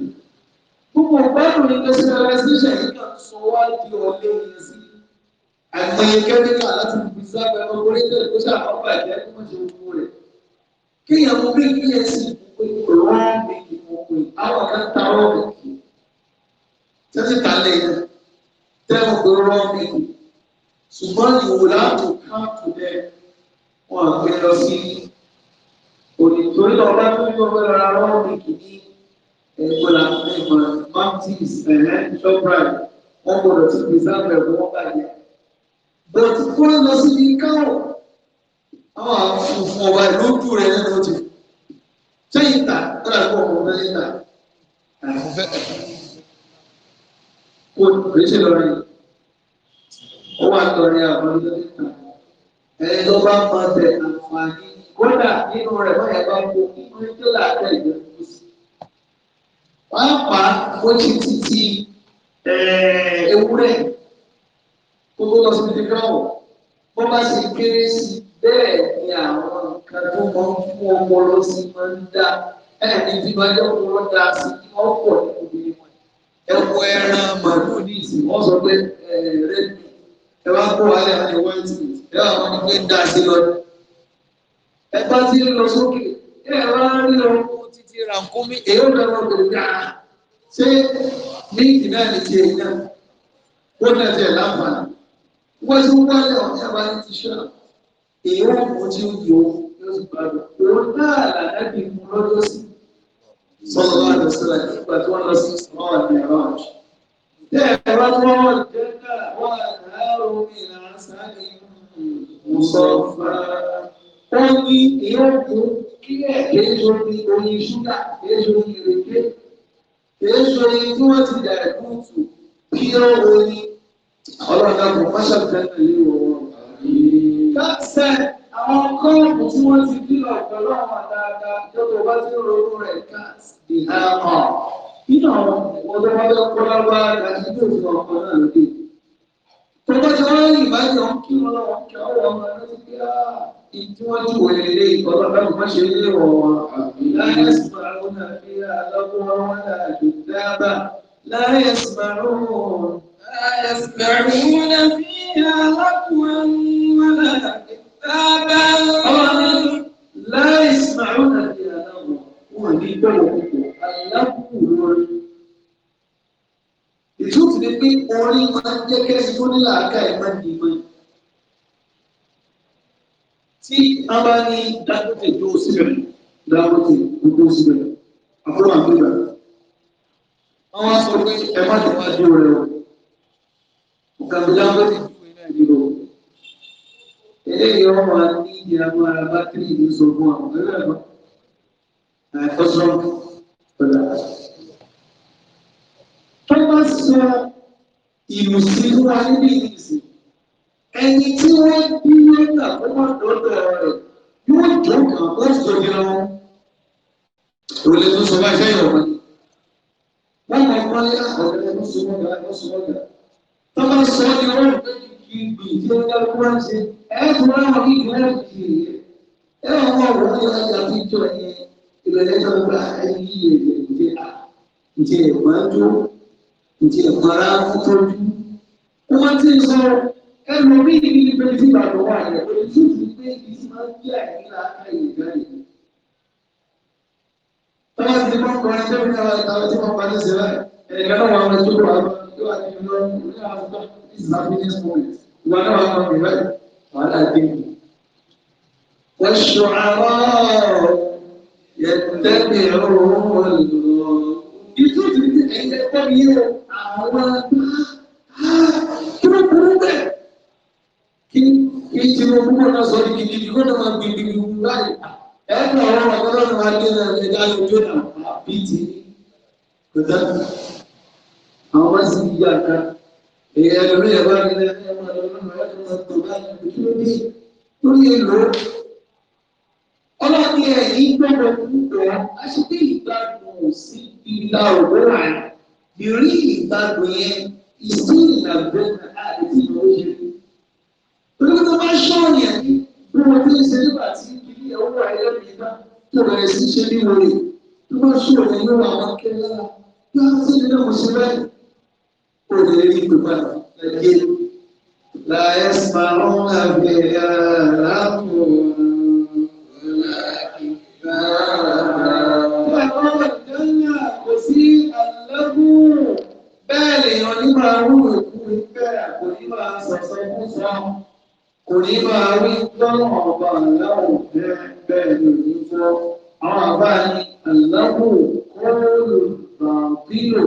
Gbogbo ìgbádùn ní personalization yìí kan sọ wá di ọ̀lẹ́ yẹn sí àgbẹ̀yẹ kẹ́míkà láti fi sábẹ́ ọkùnrin tẹ̀lé kó ṣàkóbá ìjẹ́ kí wọ́n ṣe gbogbo rẹ̀ kéèyàn mú bí psc pé rọ́ọ̀bì ìmọ̀pẹ̀ àwọn kan ta rọ́ọ̀bì kì í tẹ́tí ta lè tẹ́wọ̀n pé rọ́ọ̀bì kì í ṣùgbọ́n ìwò láàbò káàtó dẹ́ wọn àgbẹ̀ lọ sí onítòrí ọba tó yọ ọgbẹ́ lọ́la rọ́ọ̀bì kì í ẹgbẹ́ la fún ìmọ̀ mountains ẹ̀rẹ́ shoprite eh, wọ́n gbọ́dọ̀ ti pèsè àbẹ̀wò wọn bàjẹ́ bọ̀tí kó lọ sí ní káwọ̀ àwọn àwọn funfun ọba lójú rẹ lẹ́nu ti ṣé ìta ó dàbí ọmọ ọmọ ìta àìfúnfẹ́ kò gbèsè lọ́rin ó wà lọ́rin àwọn ọmọ ìta ẹni tó bá mọ bẹ àǹfààní kódà nínú rẹ báyà bá kó nínú ìjọba àti ẹgbẹ́ tó sì. pàápàá ó ti títí eh, ewúrẹ́ tó lọ sí ibi gíráwọ̀ bó bá sì kéré sí i bẹ́ẹ̀ ni àwọn nǹkan tó máa ń fún ọpọlọ sí máa ń dá bẹ́ẹ̀ ni bí máa jẹ́ ọpọlọ dá sí kí wọ́n pọ̀ ní obìnrin wọn. ẹ wo ẹran màálù ní ìsìn wọ́n sọ pé red meat ẹ wá kó wálé àti white ẹ wá wọn ni pé ń dá sí lọ. ẹ bá ti ń lọ sókè ẹ wá rí ọkọ títí rànkúmí èyí ò lọ́wọ́ bèrè dáa ah, ṣé míìkì náà lè ṣe èyí náà náà tẹ̀ láǹfààní wọ́n ti wọ́n wálé ọ̀hún èyí ó mú tí ó yọ yóò sì bá lọ òun náà làdábì mú lọ́jọ́ sí sọ́dọ̀ wà lọ sílẹ̀ nígbà tí wọ́n lọ sí ìsìnwọ́n àti àwọn àjò. bẹ́ẹ̀ bá tí wọ́n wọ́n jẹ́ náà wọ́n àdáàrò ìlànà sáàlì mùsọ̀fà ó ní èyí ó mú kí ẹ̀ kéjọ ní oyin ṣúgà kéjọ ní ìrèké kéjọ ní tí wọ́n ti dà ẹ̀kú tù kí ó oyin ọlọ́dà kò máṣàbẹ̀ẹ́ sẹ́ àwọn kọ́ọ̀pù tí wọ́n ti kílọ̀ pẹ̀lú àwọn dáadáa lóko bá ti ronú rẹ̀ ká ìhà kan. Nínú àwọn ọ̀dọ́ wọn lọ kọ́ lọ́wọ́ àti tó fi ọkọ̀ náà lóde. Tọ́gbà ah, tí wọ́n rí ìbáyé ọ̀hún kí wọ́n lọ́wọ́ kí ọ̀rọ̀ ọmọ náà ti gbé ìtí wọ́n ti wọlé ilé ìkọ́lọ́ láti má ṣe ilé wọ̀ wọn. Láyé sùmàrún náà bí alọ́gbọ́n wọn náà lè dábàá. Láyé sùmàrún. لا يسمعون فيها لغوا ولا ọlọ́run láì sàrò àti àdáwọ̀ wọn ní gbẹ̀wò púpọ̀ alákùnrin wọn. ìtútù ni pé orin máa ń jẹ́ kẹ́sì tó nílà àká ẹ̀ máa ń di mọ́ tí a bá ní dákúté yóò síbẹ̀ dákúté gbogbo síbẹ̀ àbúrò àgbégbà wọn wá sọ pé ẹ má ti wá dé rẹ o ọ̀gá mi dákúté eléyìí ọmọ ní ní agbára bátìrì ní sọgbọn àwọn ẹgbẹ́ ẹ̀rọ àìfọsọ ọdà tó bá sọ ìlú sí wa níbi ìlúsì ẹni tí wọ́n bí lẹ́gbà tó wà lọ́dọ̀ rẹ̀ yóò jọ kàn bá sọ ní ọ òrùlé tó sọ bá sẹ́yìn ọmọ wọn máa ń wáyé àwọn ọ̀rẹ́ tó sọ wọn gbà tó sọ wọn gbà tó bá sọ ní ọrùn ìgbì tí ó jẹ́ kúrẹ́sì ẹ̀ẹ́dùn láwọn ìgbìmọ̀ ìgbìyẹ ẹ̀ wọ́n wọ́n wọ́n yọ ẹ̀yà fíjọ yẹn ìrẹ̀lẹ̀ tó gba ẹ̀yìn yìí èdè ìgbé à ǹjẹ́ ìpọ́njú ǹjẹ́ ìpọ́nra fúnfọ́jú. wọ́n ti sọ ẹnu bí ibi ìgbẹ́ tí bàbá wà yẹn pé tútù pé ibi tí wọ́n jẹ́ àyín láàká ìgbà yìí. wọ́n ti mọ́ kọ́ ẹgbẹ́ Cada uma na sua palavra, eu acho que não há exatamente responde. Lá não há uma mulher, على الدين والشعراء يتبعون الله يتبعون ìtìmọ̀kúmọ̀ náà sọ ní kìkì kó náà máa gbìyànjú gbìyànjú láì ẹ̀ẹ́nà ọ̀rọ̀ ọ̀gọ́rọ̀ máa gbé náà ẹ̀dá ìjọ́nà àbí ti kò dáa àwọn bá sì yíyá ká èyí ẹlòmí ẹ̀ bá ní ẹni ẹ̀ máa lọ lọ́nà ẹ̀ máa tó bá ní kí ló dé lórí èlò ọlọ́ọ̀ni ẹ̀ yìí gbọ́dọ̀ púpọ̀ aṣípé ìgbàgbọ́ sí ìlà òwúrà ìrí ìgbàgbọ́ yẹn ìsí ìgbàgbọ́ àti ìlú yẹn olórí tó bá ṣọ́ọ̀yàn bí wọ́n ti ń ṣe nígbà tí ìdílé ọwọ́ ẹlẹ́rìí bá tó bẹ̀rẹ̀ sí ṣe ní wọlé tó bá ṣọ́ọ̀yàn yóò wà wọn kẹ́lá yóò á sí ilé ọmọ ṣe kó lè rí ìpè padà láyé. Láyé sàrún àgbẹ̀yà látùn láàkì kò sí àlẹ́gùn bẹ́ẹ̀ lèèyàn ní máa rú ìkú bẹ́ẹ̀ kò ní máa sọ̀sọ̀ fún sọ kò ní máa rí lọ́nà ọba aláwọ̀ bẹ́ẹ̀ bẹ́ẹ̀ ni òní fọ́ àwọn àbá ni àlẹ́gùn kọ́ọ̀lù bàbílò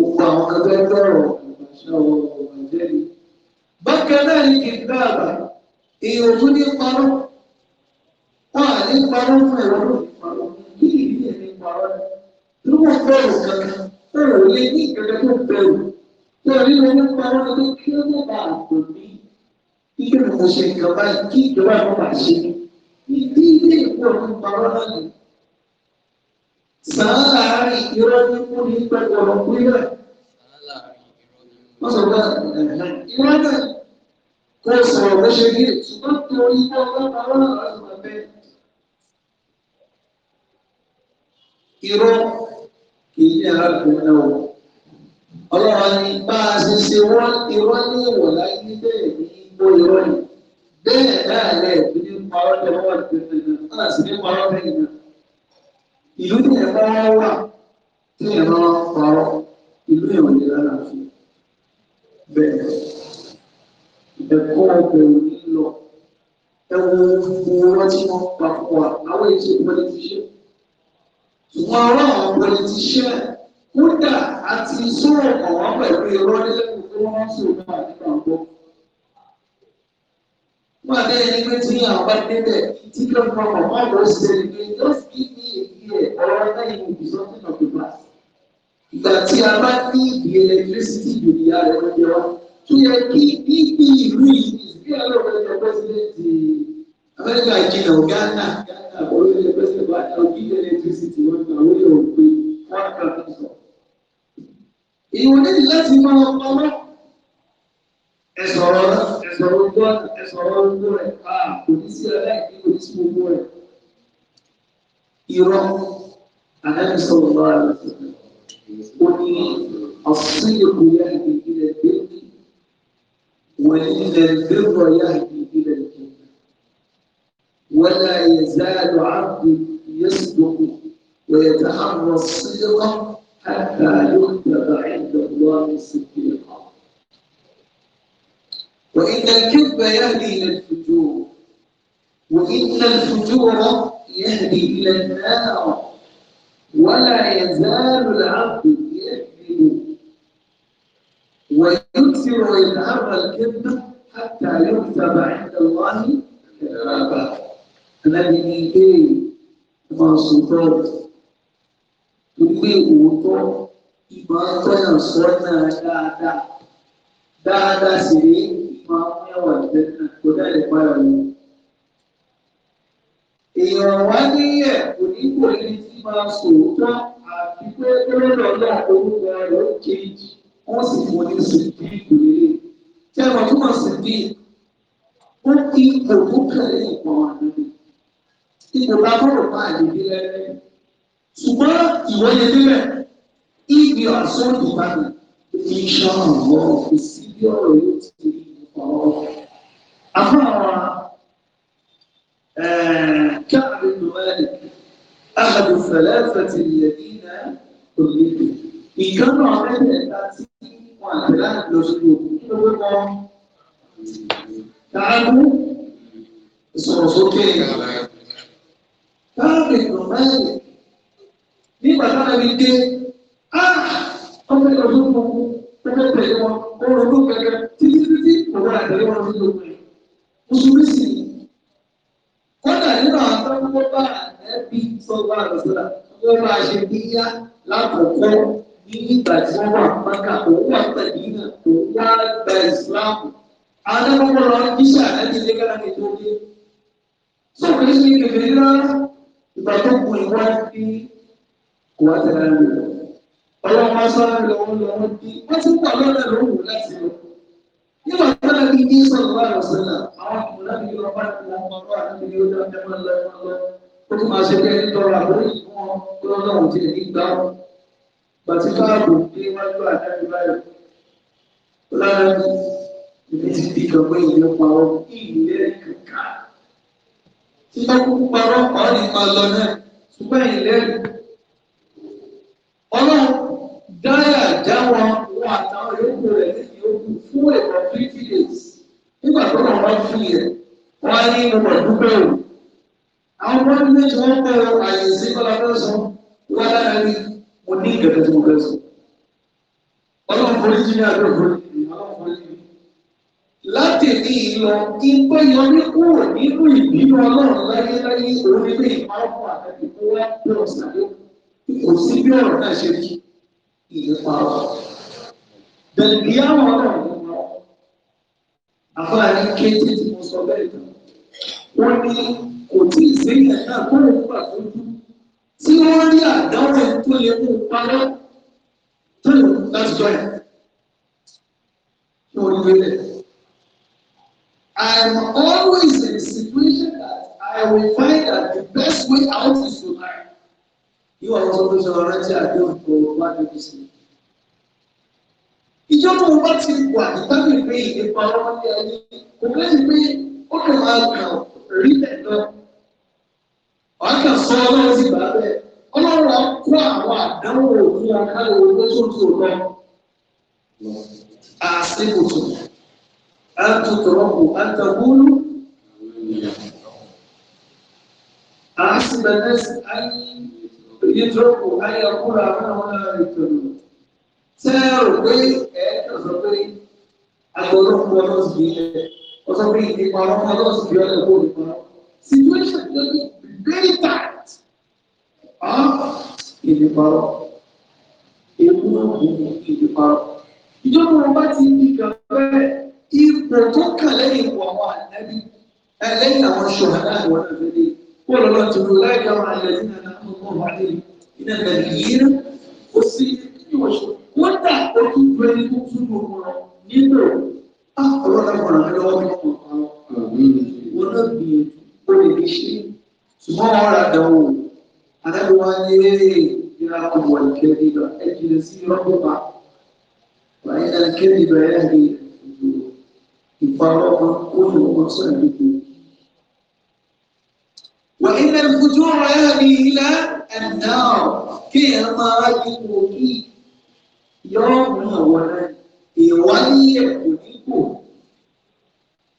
gbogbo àwọn kan fẹ́ tọrọ ìgbàṣà ọ̀rọ̀ ìbàjẹ́ ni. bákan náà ni kì í gbá àbá èèyàn tún ní parọ́ wọn à ní parọ́ fún ẹ̀rọ ló fi parọ́ kí ìdí ẹ̀ ní parọ́ ni wọ́n bẹ̀rù kankan bẹ̀rù lé ní ìkẹ́kẹ́ tó bẹ̀rù lórí wọn ní parọ́ ni kí ó má bàa gbò mí iye ìjọba kí ìjọba náà ṣe ní ìdí ní parọ́ náà Sáláàrí irọ́ ní kú ní pẹ̀lú ọ̀rọ̀ kú ilẹ̀. Wọ́n sọ pé irọ́ náà kò sọ̀rọ̀ bó ṣe rí ṣùgbọ́n tó yíká ọlọ́pàá lọ́nà láti máa bẹ́. Irọ́ kì í ní arákùnrin náà wọ̀. Ọlọ́run ni bá a ṣe ṣe wọ́n irọ́ ní ìwọ̀ láyé bẹ́ẹ̀ ní igbó irọ́ yìí. Bẹ́ẹ̀ náà lẹ́ẹ̀kú ní parọ́ tẹ̀wọ́ ìlú tí ẹ̀ bá wà tí ẹ̀ bá parọ́ ìlú ẹ̀ ò ní rárá fún bẹ́ẹ̀ ẹ̀kọ́ ọbẹ̀ ò ní lọ ẹ̀wọ̀ owó tí wọ́n pa pọ̀ àwọn èso politician ṣùgbọ́n ọ̀rọ̀ àwọn politician kódà àti sọ̀rọ̀ ọ̀wọ́n pẹ̀lú irọ́ nílẹ̀ tó wọ́n sọ̀rọ̀ náà nípa ọ̀pọ̀ wọ́n àbẹ́ ẹni pé tí àwọn bá débẹ̀ tí kí ló ń sí ẹni díẹ̀ ọ̀rọ̀ táyì will be something of the past. Ìgbà tí a bá ní ìdí electricity ìdòdìyà rẹ̀ lọ́jọ́ wa, tó yẹ kí níbi ìlú yìí bí ẹ̀rọ ìgbàlódé pẹ́sidẹ́ntì Amẹ́ríkà ìjìnlẹ̀ Ghana Ghana orílẹ̀ pẹ́sidẹ́ntì wa ọ̀gbìn electricity wọn kà wọlé òkú wọn kà tó sọ. Ìwọ nílì láti máa ọmọ ẹ̀sọ̀rọ̀ ẹ̀sọ̀rọ̀ ọgbọ́n ẹ̀sọ̀rọ̀ ọgbọ́n rẹ̀ ah, kò ní sí aláìní kò ní sí gbogbo rẹ̀. irọ́ ànábì sọ̀rọ̀ lọ́wọ́ rẹ̀ ó ní ọ̀sìnkú yahdi ila al-birri wa inna al-birra yahdi ila al-jannah wala yazalu 'abdu yasduqu wa yataharra as-sidqa hatta yuktaba 'inda Allahi siddiqa wa inna al-kibba yahdi ila al-fujur wa inna al-fujura يهدي إلى النار ولا يزال العبد يكذب ويكثر الأرض الكذبة حتى يكتب عند الله كذابا الذي يجي مصطفى تقول أوتو ما كان صنع دادا دادا سري ما هو يوجدنا كذا لبارين èèyàn wá níyẹ̀ kò ní kò ní ti máa sòótọ́ àti pé gómìnà náà orúkọ rẹ̀ ó kejì wọ́n sì fún ní sìndí ìkòlélé tí a mọ̀ tó mọ̀ sìndí ó kí òkú kẹlẹ́ ìpọ̀ àdúgbò ipò bá gbọ́dọ̀ bá àdúgbò lẹ́nu ṣùgbọ́n ìwọ́ye nílẹ̀ ìgbì ọ̀sán ìbàdàn iṣẹ́ ọ̀rọ̀ kò sí bí ọ̀rọ̀ yóò ti rí ọ̀rọ̀. Àfọ̀nà wa ẹ̀ẹ́. مالك أحد الثلاثة الذين كلفوا ìkànnà ọ̀rẹ́ ẹ̀ka tí wọ́n àti láti lọ sí òkú kí ló wé wọn. Káàbù sọ̀rọ̀ sókè. Káàbù ìgbọ̀n mẹ́rin nígbà táwọn ẹbí dé á ọmọ ìlú ọdún kan pẹ́pẹ́ pẹ̀lú wọn ó ronú pẹ̀lú títí títí òun àtẹ̀lé wọn sí òkú. Mùsùlùmí sì ni wọ́n bá ẹbí sọ́gbà àlùsọ́là wọ́n bá ṣe níyà lákòókò ní ìgbà tí wọ́n wà mọ́kà òun wà pẹ̀lú náà òun wá gba ìsìláàmù. Adáwọ̀n lọ jíṣà ẹni lé kára ní tó dé. Sọ̀rọ̀ yìí ṣe kẹfẹ́ rárá ìgbà tó kù ìwà kò wá tẹ̀lé rẹ̀ Ọlọ́run wá sọ́ọ́ lọ́wọ́ lọ́wọ́ bí wọ́n ti pọ̀ lọ́nà lóhùn láti lọ. Nígbà fẹ́lẹ̀ bí ní sọ̀rọ̀ àrọ̀sẹ́là àwọn ọmọdé ní ọba ìlú ọmọdé àti ìlú ọjọ́ ìjọba lọ́wọ́ ó tún máa ṣe pé tọrọ àbúrò ìfún wọn kí wọ́n náà ti ní gbà wọn. bàtí káàbò ní wájú àdáyé báyìí lára ìdí ti di ìgbàgbọ́ ìlú parọ́ ìlú kàkà. tí wọ́n kúkú parọ́ pa ọ́ ní máa lọ náà ṣùgbọ́n ìlú ọlọ́run dáyà dáwọn wọn àtàwọn yòókù rẹ̀ nígbà tó náà wá fi rẹ̀ wọ́n á ní mo dúpẹ́ o àwọn ọmọ ilé tí wọ́n pẹ́ àyè sí kọ́lá fẹ́ sọ wá lára rí mo ní ìgbẹ́fẹ́ tí mo fẹ́ sọ ọlọ́run kò ní jíjẹ́ àbẹ́ òfurufú ọlọ́run kò ní jíjẹ́ láti ní ìlọ igbó yọrí kúrò nínú ìbínú ọlọ́run láyé láyé orí lè má fún àtàkì tó wá pé ọ̀sán kò sí bí ọ̀rọ̀ náà ṣe kí ìyẹn pa bẹ̀rẹ̀ bí àwọn ọlọ́run àfáà ní kéjì tí mo sọ bẹ́ẹ̀ tán wọ́n ní kò tí ì sí ilẹ̀ náà kó lè gbà tó kú tí wọ́n rí àdánwò tó lè mú parọ́ tó lè mú láti jọ ẹ̀ ní orí rẹ̀. I'm always in a situation that I will find that the best way out is to marry. Yóò àwọn ọmọ ìṣòro rántí àdéhùn tó wá níbi sí i ìjọ tó bá ti wà nígbà wípé ìlépa ọlọ́mọdé ayé kò lẹ́yìn pé ó lè máa kàn rí lẹ́nà wàá kàn sọ ọlọ́run sì bá bẹ́ẹ̀ ọlọ́run á kó àwọn àdánwò ní akálẹ̀ olóṣòṣò lọ àṣekòtò àtòtòrọ́pò àtàbólú àṣìbẹ̀lẹ́sì ayé yẹtọ́pò ayé akúra àwọn ọmọ náà ètò ìlú ṣé ẹ rò pé ẹ ẹ sọ pé agbọ̀dọ̀ fún ọ lọ́sì bí ẹ ọ sọ pé ìdìbò àwọn ọmọ lọ́sì bí ọ lè kó ìdìbò náà situation ló ní very tight ìdìbò àwọn èkó ọ̀hún ìdìbò àwọn ìjọba wọn bá ti ní kan fẹ́ ipò tó kàn lẹ́yìn ìwọ̀ àwọn ànábì lẹ́yìn àwọn ṣọ̀hánà àwọn àgbẹ̀dẹ kó lọ́lọ́ ti rú láì dáhùn àlẹ́ nínú àwọn ọmọ wàlẹ́ ìnáwó yìí ó sì ní ìwọ̀ṣọ̀ kódà ó tún gbé ní tuntun gbogbo nínú ọlọ́dàbọ̀n lọ́wọ́ ní ọ̀pọ̀ wọn náà gbìyànjú ó lè fi ṣe ṣùgbọ́n wọn rà dánwò adájọ́ wa ní ìlà ọmọ ìkẹ́bí lọ ẹ jìnnà sí ọdún bá wà ní ìkẹ́bí lọ ẹ ní ìfarọ́mọ ó lè wọ́n sọ ìdíje. wà ní ìlànà ìfojú ọ̀rọ̀ ẹ̀ ní ilẹ̀ ẹ̀ kí ẹ̀ máa yí wò kí yóò mú àwọn náà ìwà ní ẹ̀kọ́ nípò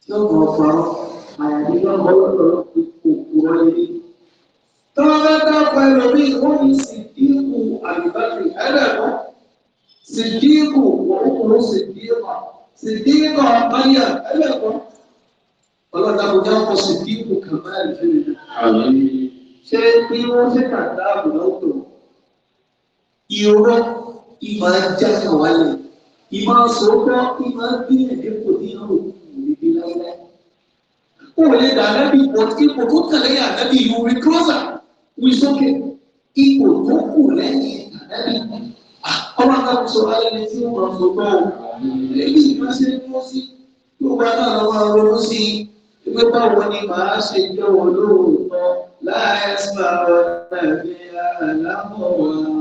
tí ó kàn parọ́ àyàbí náà lọ́wọ́lọ́wọ́ kòkò wọlé ní. tọ́lá dápá ẹlòmíì ó ní sìdíkù àlùbáfì ẹlẹ́kọ́ sìdíkù ọkùnrin sìdíkà sìdíkà báyà ẹlẹ́kọ́ ọlọ́dàbọ̀já kọ sìdíkù kàmáyà fún mi. ṣé bí wọ́n ṣe kà dáàbò lọ́wọ́ ìrọ́ ìmọ̀ jáde wálé iman sọ́kà ìmọ̀ gbìyànjú kò ní àwọn òkú ìdí láíláí. ó lè dà nábì pọ̀ ipò tó tẹ̀lé yà nábì yóò rí kúrọ́sà wí sókè ipò tó kù lẹ́yìn nábì. Ah, ọmọ akáwọ sọ ayé ni tí wọn sọ bá o èyí ìmọ̀ ṣe ń sí yóò bá náà lọ́wọ́ ronú sí i báwo ni màá ṣe jẹ́ wọn lóòótọ́ láàyè sí àwọn ọ̀nà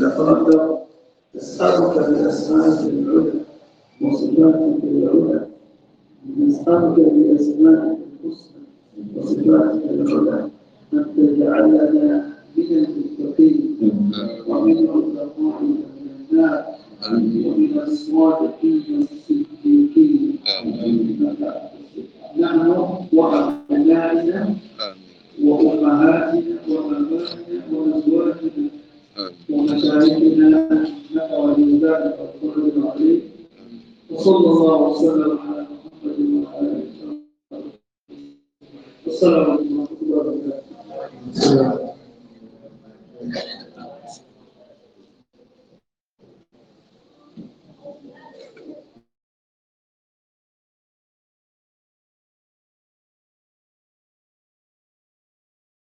تتردد أسألك بأسمائك العلى وصفاتك العلى نسألك بأسمائك الحسنى وصفاتك العلى أن تجعلنا من المتقين ومن التقوى من النار ومن الصادقين الصديقين نحن وأبنائنا وأمهاتنا وأبنائنا وأزواجنا ومشايخنا انك ولي ذلك القدر العظيم وصلى الله وسلم على محمد وعلى اله وصحبه وسلم ورحمه الله وبركاته